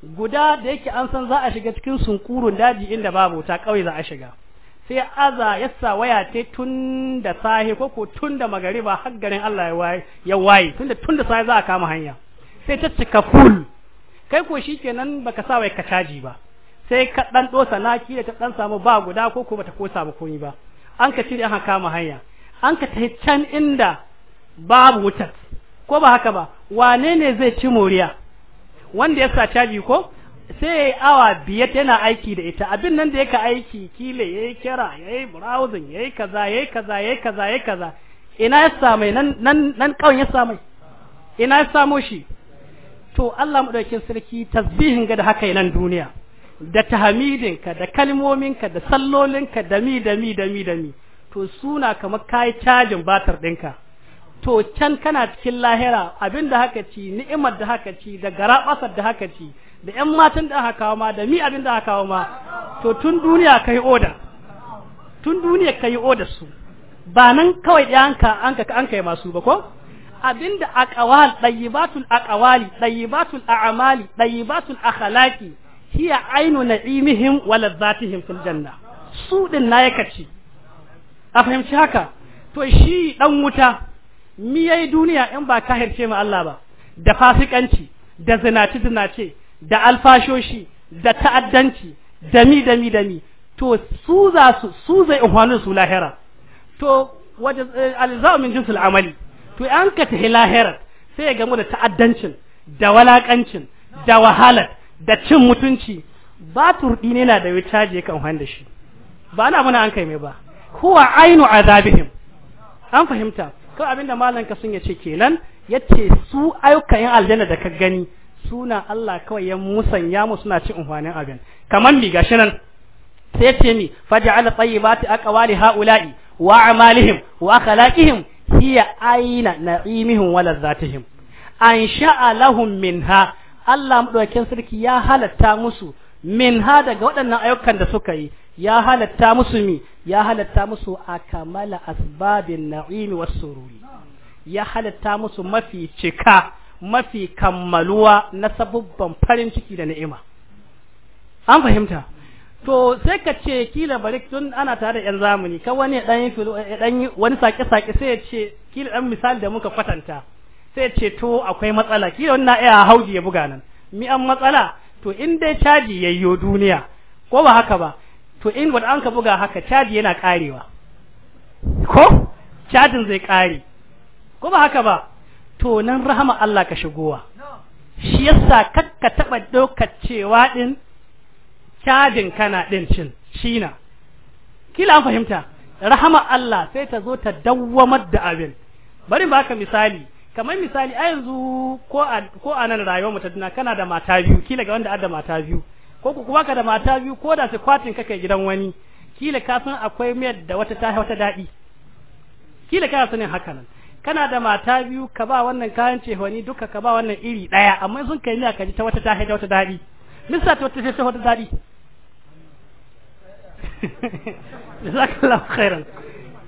guda da yake an san za a shiga cikin sunkurun daji inda babu ta kawai za a shiga sai aza ya sa waya ta tun da sahi ko ko tun da magariba har garin Allah ya waye tun da tun da sahi za a kama hanya sai ta cika full kai ko shikenan baka sa wai ka caji ba sai ka dan dosa naki da ta dan samu ba guda ko ko bata kosa samu komai ba an ka cire an kama hanya an ka tafi can inda babu wutar ko ba haka ba wane ne zai ci moriya wanda ya sa caji ko sai awa biyar yana aiki da ita abin nan da yaka aiki kile yayi kira yayi browsing yayi kaza yayi kaza yayi kaza yayi kaza ina ya samu nan nan kawai ya samu ina ya samo shi to Allah madaukakin sarki tasbihin ga da haka yi nan duniya da tahmidinka da kalmominka da sallolinka da mi da mi da mi da mi to suna kamar kai cajin batar ɗinka to can kana cikin lahira abin da haka ci ni'imar da haka ci da garabasar da haka ci da ƴan matan da aka kawo ma da mi abin da aka kawo ma to tun duniya kai oda tun duniya kai oda su ba nan kawai da an ka an kai masu ba ko abin da aqwal tayyibatul aqwali tayyibatul a'mali tayyibatul akhlaqi hiya ainu na'imihim wa ladzatihim fil janna su din na yakaci a fahimci haka to shi dan wuta mi yayi duniya in ba kahirce ma Allah ba da fasikanci da zinaci zinace da alfashoshi da ta'addanci da mi da mi da mi to su za su su zai ihwanin su lahira to waje eh, alzam min jinsul amali to an ka tahi lahira sai ya gamu da ta'addancin da walakancin da wahalar da cin mutunci ba turdi ne na da wucaje kan da shi ba na muna an kai mai ba huwa ainu azabihim an fahimta ko abinda malam ka sun yace kenan yace su ayyukan yan aljanna da ka gani suna Allah kawai ya musanya mu suna cin umfanin abin kaman mi gashi nan sai yace ni faj'al tayyibati aqwali haula'i wa a'malihim wa akhlaqihim hiya aina na'imihim wa ladzatihim an sha'a lahum minha Allah madaukakin sarki ya halatta musu min ha daga waɗannan ayyukan da suka yi ya halatta musu mi ya halatta musu kamala asbabin na'imi wasu ruri ya halatta musu mafi cika mafi kammaluwa na sabubban farin ciki da ni'ima an fahimta to sai ka ce kila bari tun ana tare da yan zamani ka wani dan yi wani sake sake sai ya ce kila dan misali da muka kwatanta sai ya ce to akwai matsala kila na ya hauji ya buga nan mi an matsala to in dai caji yayyo duniya ko ba haka ba to in wadda an ka buga haka caji yana karewa ko cajin zai kare ko ba haka ba to nan rahama Allah ka shigowa shi yasa kakka taba dokar cewa din cajin kana din cin shina kila an fahimta rahama Allah sai ta zo ta dawwamar da abin bari baka misali kamar misali a yanzu ko a ko nan rayuwar mu ta duna kana da mata biyu kila ga wanda adda mata biyu ko ku kuma ka da mata biyu ko da su kwatin kake gidan wani kila ka san akwai miyar da wata ta wata dadi kila ka sanin haka nan kana da mata biyu ka ba wannan kayan cehwani duka ka ba wannan iri ɗaya amma sun kai miya ka ji ta wata ta da wata daɗi misa ta wata ta wata dadi *laughs* jazakallahu khairan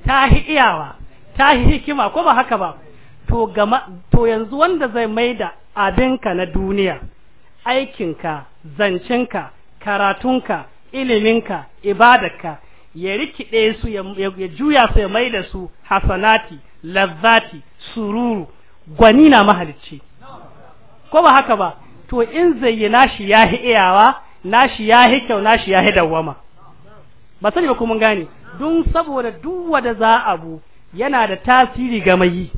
ta hi iyawa ta hi hikima ko ba haka ba to gama to yanzu wanda zai maida abinka na duniya aikinka zancinka karatunka iliminka ibadarka ya rikide su ya juya su ya maida su hasanati lazzati sururu gwani na mahalicci ko ba haka ba to in zai nashi ya yi iyawa nashi ya yi kyau nashi ya yi dawwama ba sani ba kuma gane don saboda duk wada za abu yana da tasiri ga mai yi.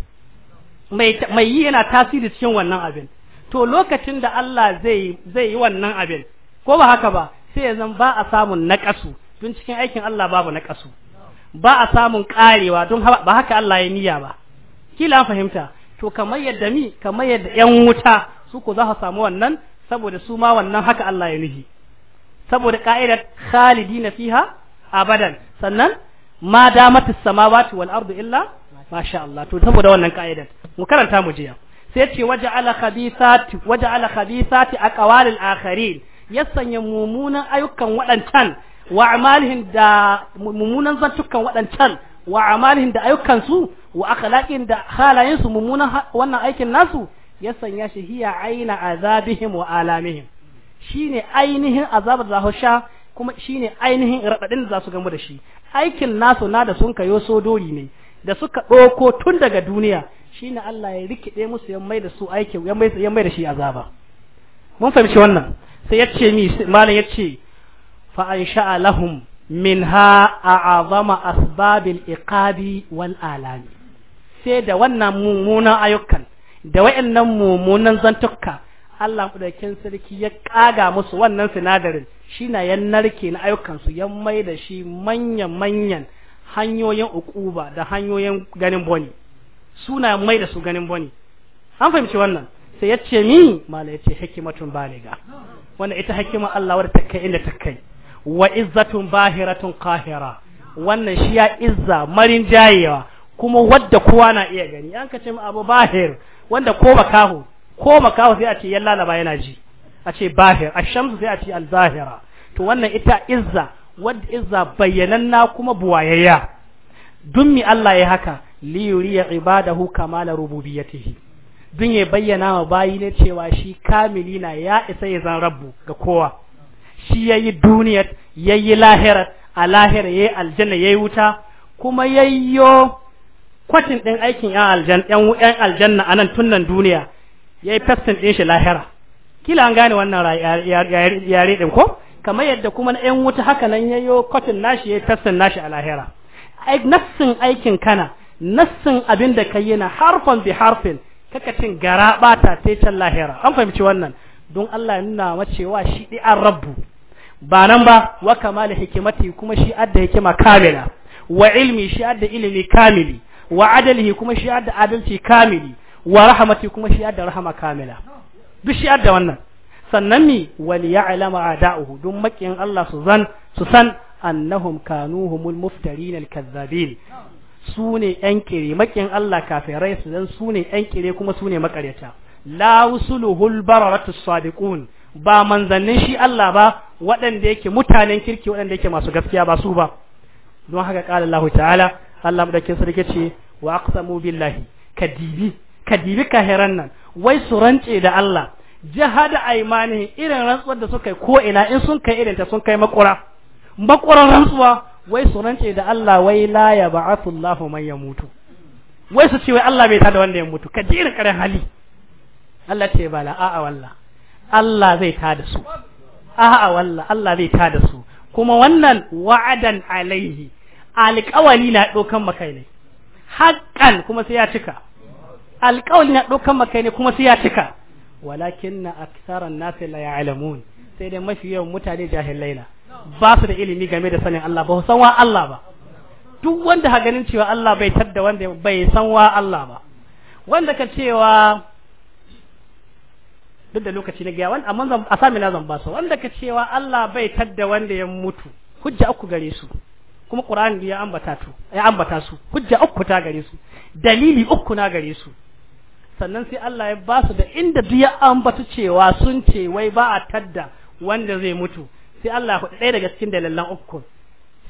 mai yi yana tasiri cikin wannan abin to lokacin da Allah zai yi wannan abin ko ba haka ba sai ya zan ba a samun naƙasu don cikin aikin Allah babu naƙasu ba a samun ƙarewa don ba haka Allah ya niyya ba kila an fahimta to kamar yadda mi kamar yadda yan wuta su ko za su samu wannan saboda su ma wannan haka Allah ya nihi. saboda ka'idar khalidina fiha abadan sannan ma damatis samawati wal ardu illa masha Allah to saboda wannan ka'idan mu karanta mu jiya sai ce waja'ala khabithati waja'ala khabithati aqwalil akharin ya sanya mumunan ayyukan waɗancan wa amalihim da mumunan zantukan waɗancan wa amalihim da ayyukan su wa akhlaqin da halayen su mumunan wannan aikin nasu ya sanya shi hiya aina azabihim wa alamihim shine ainihin azabar da husha kuma shine ainihin radadin da za su gamu da shi aikin nasu na da sun kayo sodori ne da suka ɗauko tun daga duniya shi ne Allah ya rikide musu ya mai da su aiki ya mai da shi azaba mun fahimci wannan sai yace mi malam ce fa min lahum a azama asbabil iqabi wal alami sai da wannan mummunan ayyukan da wayannan mummunan zantukka Allah kin sarki ya kaga musu wannan sinadarin shi na yan narke na ayyukansu su ya mai da shi manyan manyan hanyoyin ukuba da hanyoyin ganin boni suna mai da su ganin boni an fahimci wannan sai yace ce mi mala ya ce hikimatun baliga wannan ita hikima Allah wadda ta kai inda ta kai wa izzatun bahiratun qahira wannan shi ya izza marin jayewa kuma wadda kowa na iya gani an ka ce abu bahir wanda ko makahu ko makahu sai a ce yalla yana ji a ce bahir ashamsu sai a ce al-zahira to wannan ita izza wadda iza bayyananna kuma buwayayya dun mi Allah ya haka ya li yuriya ibadahu kamala rububiyyatihi dun ya bayyana ma bayi ne cewa shi kamili na ya isa ya zan rabbu ga kowa shi yayi duniyar yayi lahirar a lahira yayi aljanna yayi wuta kuma yayyo kwatin din aikin yan aljanna a nan anan tunnan duniya yayi fastin din shi lahira kila an gane wannan yare din ko kamar yadda kuma na yan wuta haka nan yayyo kwatin nashi ya tassin nashi a lahira nassin aikin kana nassin abin da yi yana harfan bi harfin kaka gara bata sai can lahira an fahimci wannan don Allah ya nuna macewa cewa shi di an rabu ba nan ba wa kamala hikimati kuma shi adda hikima kamila wa ilmi shi adda ilimi kamili wa adalihi kuma shi adda adalci kamili wa rahamati kuma shi adda rahama kamila duk shi adda wannan sannan mi ya ya'lama ada'uhu dun makiyin Allah su zan su san annahum kanu muftarin al kazzabin su ne yan kire makiyin Allah kafirai su zan su ne yan kire kuma su ne makaryata la rusuluhul bararatus sadiqun ba manzannin shi Allah ba waɗanda yake mutanen kirki waɗanda yake masu gaskiya ba su ba don haka qala Allah ta'ala Allah madaukin sarki ce wa aqsamu billahi kadibi kadibi kahiran nan wai su rance da Allah da aimanihin irin rantsuwar da suka yi ko ina in sun kai irin ta sun kai makura makuran rantsuwa wai su rance da Allah wai la ya ba'athu Allahu man yamutu wai su ce wai Allah bai tada wanda ya mutu ka ji irin karen hali Allah ce bala a'a walla Allah zai tada su a'a walla Allah zai tada su kuma wannan wa'adan alaihi alƙawali na dokan makai ne haƙƙan kuma sai ya cika alƙawali na dokan makai ne kuma sai ya cika walakin na aksaran nasi la ya'lamun sai dai mafi yawan mutane jahilai na ba su da ilimi game da sanin Allah ba san wa Allah ba duk wanda ha ganin cewa Allah bai tadda wanda bai san wa Allah ba wanda ka cewa duk da lokaci na gaya amma zan a sami na zan ba su wanda ka cewa Allah bai tadda wanda ya mutu hujja uku gare su kuma Qur'ani ya ambata su ya ambata su hujja uku ta gare su dalili uku na gare su sannan sai Allah ya ba su da inda duk ya ambata cewa sun ce wai ba a tadda wanda zai mutu sai Allah ya ɗaya daga cikin dalilan uku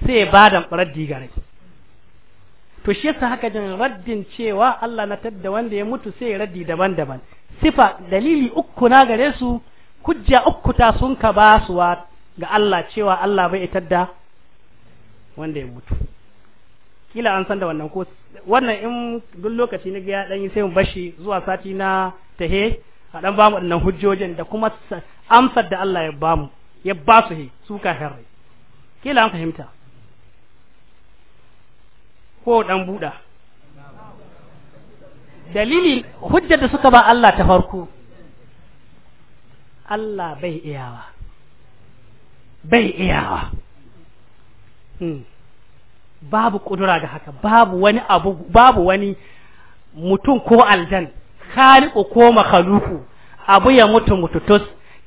sai ya bada da raddi to shi yasa haka jin raddin cewa Allah na tadda wanda ya mutu sai ya raddi daban-daban sifa dalili uku na gare su hujja uku ta sun ka basuwa ga Allah cewa Allah bai tadda wanda ya mutu kila an san da wannan ko wannan in duk lokaci na ga dan yi sai mu bashi zuwa sati na tahe a dan bamu wannan hujjojin da kuma amsar da Allah ya bamu ya ba su he su ka harre kila an fahimta ko dan buda dalili hujja da suka ba Allah ta farko Allah bai iyawa bai iyawa hmm. babu kudura ga haka babu wani abu babu wani mutum ko aljan khaliqu ko makhluqu abu ya mutu mututus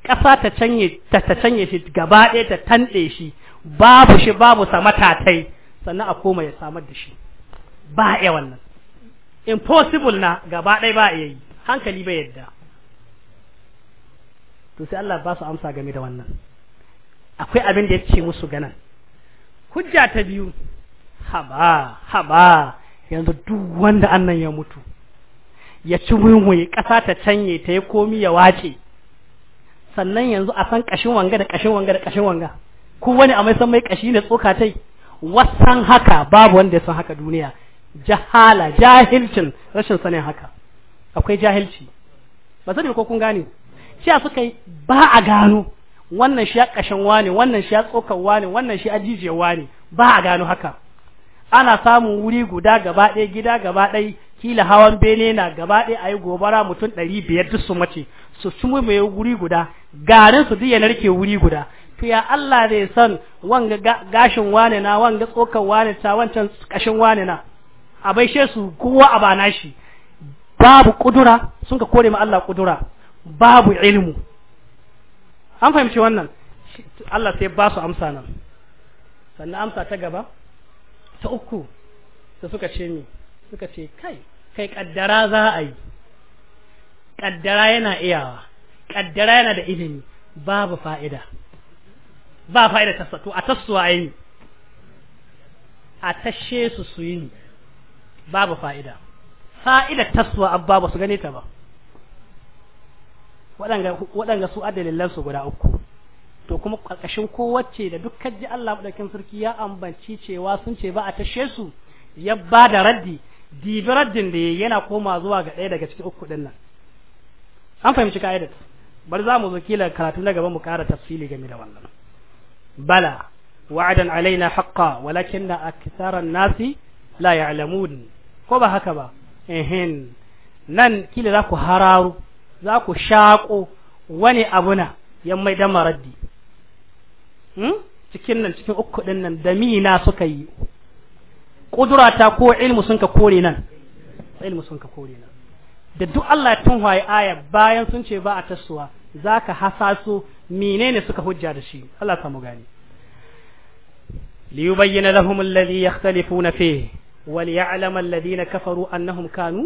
ƙasa ta canye ta ta canye shi gaba ɗaya ta tanɗe shi babu shi babu samata tai sannan a koma ya samar da shi ba ya wannan impossible na gaba ɗaya ba ya yi hankali bai yadda to sai Allah ba su amsa game da wannan akwai abin da ya ce musu ganan hujja ta biyu haba haba yanzu duk wanda annan ya mutu ya ci winwaye ƙasa ta canye ta yi komi ya wace sannan yanzu a san kashin wanga da kashin wanga da kashin wanga ko wani a mai san mai kashi ne tsoka tai wasan haka babu wanda ya san haka duniya jahala jahilcin rashin sanin haka akwai jahilci ba sani ko kun gane cewa suka yi ba a gano wannan shi ya kashin wani wannan shi ya tsokan wani wannan shi ya wani ne ba a gano haka ana samun wuri guda gaba ɗaya gida gaba ɗaya kila hawan bene na gaba ɗaya a yi gobara mutum ɗari biyar duk su mace su sumu mai wuri guda garin su duk yana rike wuri guda to ya Allah zai san wanga gashin wane na wanga tsokan wane ta wancan kashin wane na a baishe su kowa a bana shi babu kudura sun ka kore ma Allah kudura babu ilmu an fahimci wannan Allah sai ba su amsa nan sannan amsa ta gaba ta uku da suka ce mi suka ce kai kai kaddara za a yi kaddara yana iyawa kaddara yana da ilimi babu fa'ida ba fa'ida ta sato a tasuwa a yi a tashe su su yi babu fa'ida fa'ida tasuwa abba ba su gane ta ba waɗanga su adalilan guda uku to kuma ƙarƙashin kowace da duk ji Allah madaukin sarki ya ambaci cewa sun ce ba a tashe su ya ba da raddi dibi raddin da ya yana koma zuwa ga ɗaya daga cikin uku nan an fahimci ka'idar bari za mu zo kila karatu na gaba mu ƙara tafsili game da wannan bala wa'adan alaina haqqa walakin na aktaran nasi la ya'lamun ko ba haka ba ehin nan kila za ku hararu za ku shaƙo wani abuna yan mai dama raddi. Hmm? cikin nan cikin uku din nan da mina suka yi kudurata ko ilmu sun ka kore nan ilmu sun ka kore nan da duk Allah ya tunwaye aya bayan sun ce ba a tasowa za ka hasa su menene suka hujja da shi Allah samu gani liyubayyana lahum alladhi yakhtalifuna fihi وليعلم الذين كفروا أنهم كانوا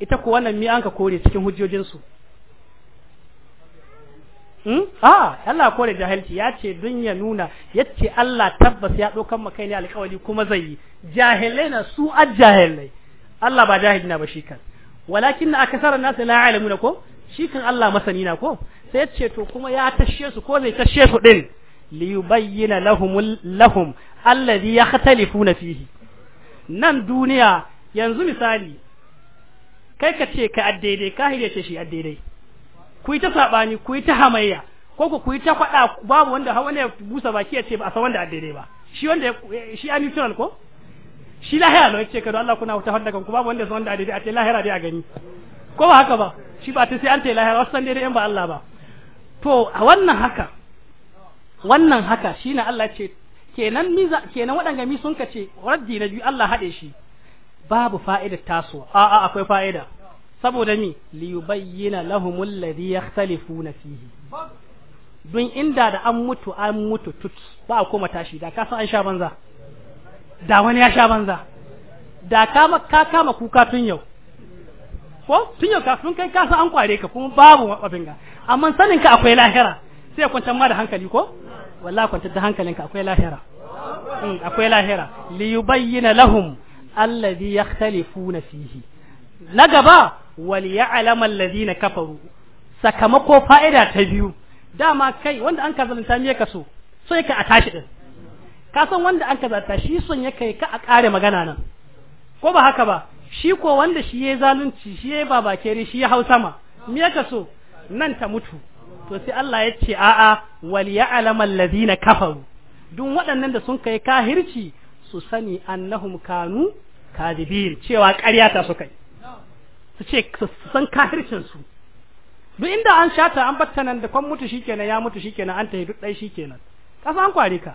ita ko wannan mi an ka kore cikin hujjojinsu Hmm? a Allah kore jahilci ya ce don ya nuna ce Allah tabbas ya ɗaukan maka ne alƙawari kuma zai yi jahilai na su a jahilai. Allah ba jahil na ba shi kan walakin na na nasu la na ko shi kan Allah masani na ko sai yace to kuma ya tashe su ko zai tashe su ɗin. Liyu bayyana lahum lahum alladhi na fihi nan duniya yanzu misali kai ka ce ka addaidai ka hire ce shi addaidai ku yi ta saɓani ku yi ta hamayya ko ku ku yi ta faɗa babu wanda hawa ne ya busa baki ya ce ba a san wanda a daidai ba shi wanda shi a neutral ko shi lahira ne ce kada Allah kuna ta hadda ku babu wanda ya san wanda a daidai a ce lahira dai a gani ko ba haka ba shi ba ta sai an ta lahira wasu san daidai in ba Allah ba to a wannan haka wannan haka shi na Allah ce kenan miza kenan waɗanga mi sun kace raddi na biyu Allah haɗe shi babu fa'idar tasowa a'a akwai fa'ida saboda mi liyubayyana lahum alladhi yakhtalifuna fihi don inda da an mutu an mutu tut ba a koma tashi da ka san an sha banza da wani ya sha banza da kama ka kama kuka tun yau ko tun yau kafin kai ka san an kware ka kuma babu abin ga amma sanin ka akwai lahira sai ya kwantar ma da hankali ko wallahi kwanta da hankalinka akwai lahira mm, akwai lahira liyubayyana lahum alladhi yakhtalifuna fihi na gaba wal ya'lam alladhina kafaru sakamako fa'ida ta biyu dama kai wanda an kazalunta me ka so so yake a tashi din ka san wanda an kazalunta shi son kai ka a kare magana nan ko ba haka ba shi ko wanda shi ya zalunci shi yayi babakere shi ya hau sama me ka so nan ta mutu to sai Allah ya ce a'a wal ya'lam alladhina kafaru duk waɗannan da sun kai kahirci su sani annahum kanu kadibir cewa ƙarya ta su kai su ce su san kahircin su duk inda an shata an batta nan da kwan mutu shikenan ya mutu shikenan an tafi duk dai shikenan ka san an kware ka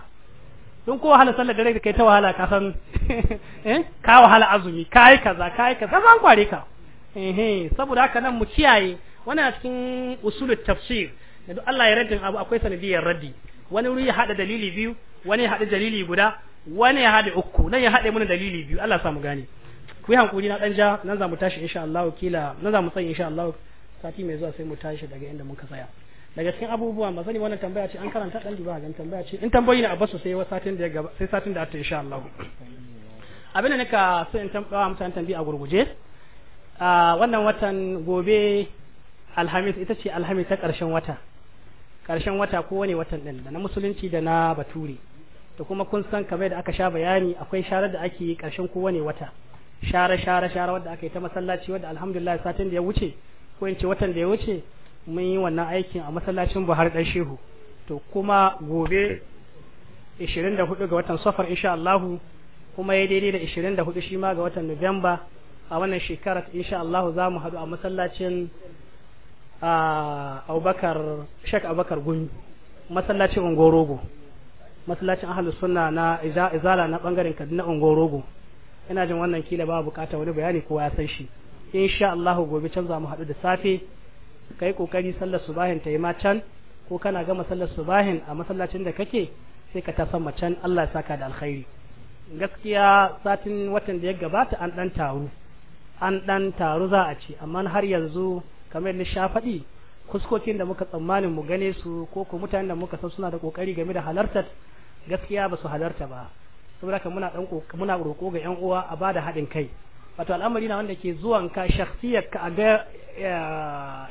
don ko wahala sallar dare da kai ta wahala ka san *laughs* eh ka wahala azumi kai kaza kai kaza san kware ka eh saboda haka nan mu kiyaye wannan cikin usulut tafsir da duk Allah ya raddin abu akwai sanadiyar raddi wani wuri ya hada dalili biyu wani ya hada dalili guda wani ya hada uku nan ya hada mana dalili biyu Allah ya samu gane ku yi hankuri na dan ja nan za mu tashi insha Allah kila nan za mu tsaya insha Allah sati mai zuwa sai mu tashi daga inda muka tsaya daga cikin abubuwa ba sani wannan tambaya ce an karanta dan duba ga tambaya ce in tambayi na abasu sai satin da ya gaba sai satin da ta insha Allah abin da nika so in tambaya mutane tambayi a gurguje a wannan watan gobe alhamis ita ce alhamis ta karshen wata karshen wata ko wani watan din da na musulunci da na bature da kuma kun san kamar da aka sha bayani akwai sharar da ake yi karshen kowane wata share share share wadda aka yi ta masallaci wadda alhamdulillah satin da ya wuce ko in ce watan da ya wuce mun yi wannan aikin a masallacin Buhari dan Shehu to kuma gobe 24 ga watan Safar insha Allah kuma ya daidai da 24 shi ma ga watan Nuwamba a wannan shekarar insha Allah za mu haɗu a masallacin A Abubakar Sheikh Abubakar Gumi masallacin Ungorogo masallacin Ahlus Sunna na Izala na bangaren Kaduna Ungorogo ina jin wannan kila ba bukata wani bayani kowa ya san shi insha Allah gobe can za mu haɗu da safe kai kokari sallar subahin ta yi ma can ko kana gama sallar subahin a masallacin da kake sai ka ta sama can Allah ya saka da alkhairi gaskiya satin watan da ya gabata an dan taru an dan taru za a ci amma har yanzu kamar ni sha faɗi kuskokin da muka tsammanin mu gane su ko ko mutanen da muka san suna da kokari game da halartar gaskiya ba su halarta ba saboda ka muna dan muna roko ga yan uwa a bada haɗin kai wato al'amari na wanda ke zuwan ka shakhsiyar ka a ga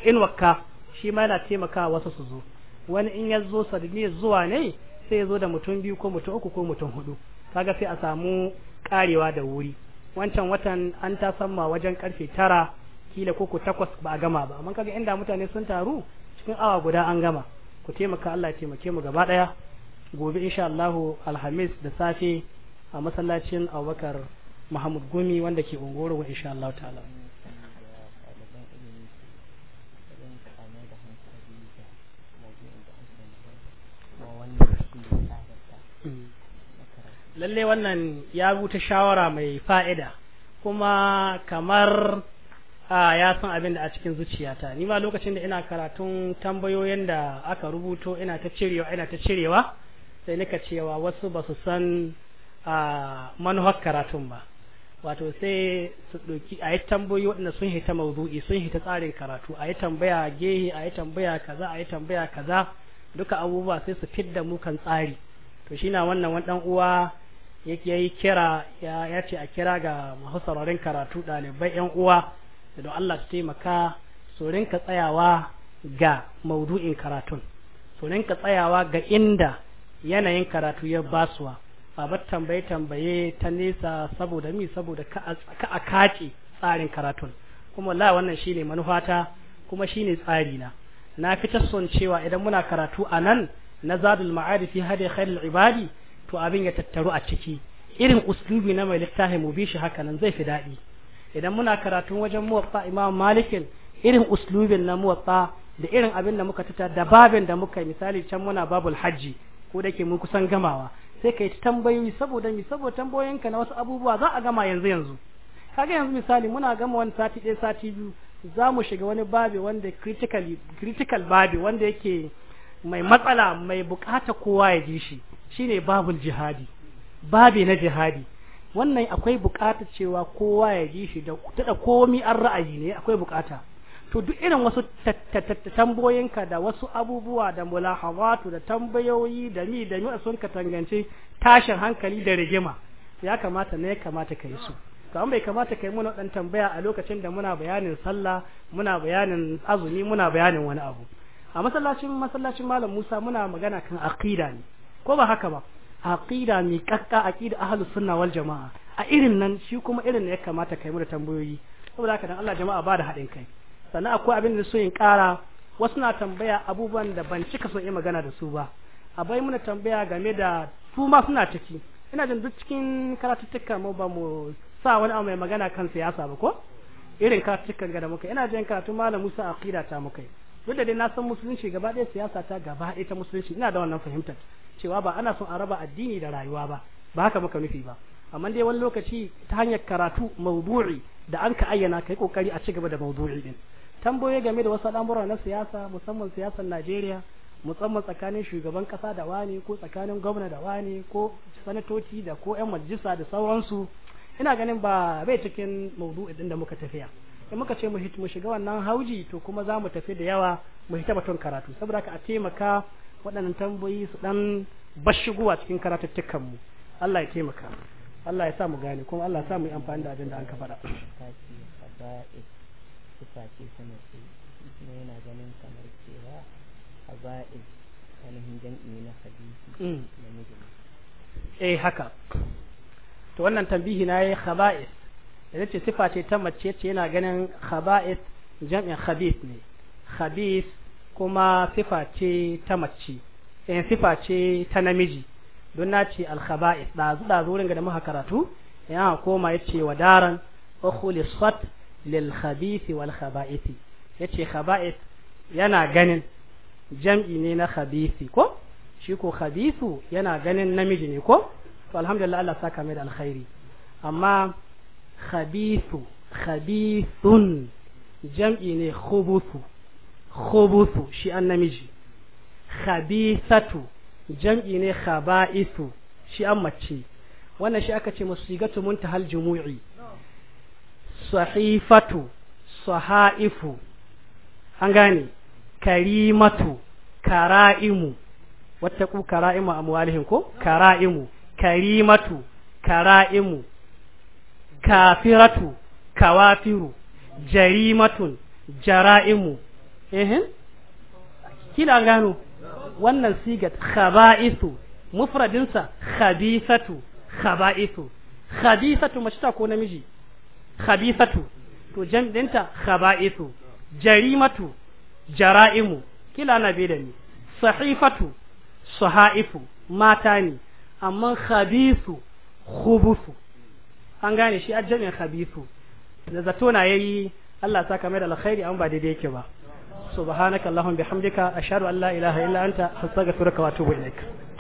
eh, wakka shi ma yana taimaka wasu su zo wani in ya zo sadiniyar zuwa ne sai ya zo da mutum biyu ko mutum uku ko mutum hudu kaga sai a samu karewa da wuri wancan watan an ta samma wajen karfe tara kila ko ku takwas ba a gama ba amma kaga inda mutane sun taru cikin awa guda an gama ku taimaka Allah ya taimake mu gaba daya gobe insha Allah alhamis da safe a masallacin abubakar Muhammad gumi wanda ke ungorowa insha Allah ta'ala lalle wannan ya buta shawara mai fa'ida kuma kamar a ya san abin da a cikin zuciyata ni ma lokacin da ina karatun tambayoyin da aka rubuto ina ta cirewa ina ta cirewa sai nika cewa wasu ba su san a manuhar karatun ba wato sai su ɗauki a yi tambayi waɗanda sun hita mawdu'i sun hita tsarin karatu a yi tambaya gehe a yi tambaya kaza a yi tambaya kaza duka abubuwa sai su fidda mu kan tsari to shi na wannan wani ɗan uwa ya yi kira ya ce a kira ga masu mahausararin karatu ɗalibai yan uwa da don Allah su taimaka su rinka tsayawa ga maudu'in karatun su rinka tsayawa ga inda yanayin karatu ya basuwa babar tambaye tambaye ta nesa saboda mi saboda ka a kace tsarin karatun kuma la wannan shine manufata kuma shine tsari na na fi son cewa idan muna karatu a nan na zadul ma'arifi hadi khairul ibadi to abin ya tattaru a ciki irin uslubi na mai littafi mu bi shi haka nan zai fi daɗi idan muna karatun wajen muwatta imam malikin irin uslubin na muwatta da irin abin da muka tata da babin da muka misali can muna babul hajji ko da ke mun kusan gamawa sai ka yi tambayoyi saboda mi saboda tambayoyinka na wasu abubuwa za a gama yanzu yanzu kaga yanzu misali muna gama wani sati ɗaya sati biyu za mu shiga wani babi wanda critical critical babi wanda yake mai matsala mai bukata kowa ya ji shi shine babul jihadi babi na jihadi wannan akwai bukata cewa kowa ya ji shi da komi an ra'ayi ne akwai bukata to duk irin wasu tamboyinka da wasu abubuwa da mulahazatu da tambayoyi da ni da ni sun ka tangance tashin hankali da rigima ya kamata ne kamata ka su to an bai kamata ka muna dan tambaya a lokacin da muna bayanin sallah muna bayanin azumi muna bayanin wani abu a masallacin masallacin malam Musa muna magana kan aqida ne ko ba haka ba aqida mi kakka aqida ahlus sunna wal jamaa a irin nan shi kuma irin ne ya kamata kai mu da tambayoyi saboda haka dan Allah jama'a ba da haɗin kai sannan akwai abin da su in ƙara wasu na tambaya abubuwan da ban cika so in magana da su ba a bai muna tambaya game da su ma suna ciki ina jin duk cikin karatuttukan mu ba mu sa wani abu mai magana kan siyasa ba ko irin karatuttukan ga da muka ina jin karatu malam Musa aqida ta muka duk da dai na san musulunci gaba ɗaya siyasa ta gaba ɗaya ta musulunci ina da wannan fahimtar cewa ba ana son a raba addini da rayuwa ba ba haka muka nufi ba amma dai wani lokaci ta hanyar karatu mawdu'i da an ka ayyana kai kokari a ci gaba da mawdu'i din tambayoyi game da wasu al'amura na siyasa musamman siyasar Najeriya musamman tsakanin shugaban kasa da wani ko tsakanin gwamna da wani ko sanatoci da ko yan majalisa da sauransu ina ganin ba bai cikin maudu'i idan da muka tafiya in muka ce mu shiga wannan hauji to kuma za mu tafi da yawa mu hita batun karatu saboda ka a taimaka waɗannan tambayoyi su dan bashiguwa cikin karatuttukan mu Allah ya taimaka Allah ya sa mu gane kuma Allah ya sa mu yi amfani da abin da an ka faɗa sifa ce ta mace kuma yana ganin kamar cewa a ba'id ainihin jam'i na hadisi mm. namiji eh haka to wannan tambihi na yi khaba'is da ce sifa ce ta mace ce yana ganin khaba'is jam'in khabith ne khabith kuma sifa ce ta mace eh sifa ce ta namiji don na ce al-khaba'is da zuɗa wurin ga da muka karatu yana koma ya yace wadaran fat. lil khabith wal yace khaba'ith yana ganin jam'i ne na khabisi ko shi ko khabisu yana ganin namiji ne ko to alhamdulillah Allah saka mai da alkhairi amma khabisu khabisun jam'i ne khubusu khubusu shi an namiji khabisatu jam'i ne khaba'isu shi an mace wannan shi aka ce musigatu muntahal jumu'i sahifatu sahaifu an gane karimatu kara'imu ku kara'imu muwalihin ko kara'imu karimatu kara'imu kafiratu kawafiru jarimatun jara'imu ehin kila gano wannan sigat khaba'isu mufradinsa khabisatu khaba'isu khabisatu mashita ko namiji khabithatu to jam dinta khaba'ithu jarimatu jara'imu kila na da ni sahifatu sahaifu mata ne amma khabithu hubutu an gane shi ajjamin khabithu da zato na yayi Allah saka mai da alkhairi an ba daidai yake ba subhanaka allahumma bihamdika ashhadu an la ilaha illa anta astaghfiruka wa atubu ilaik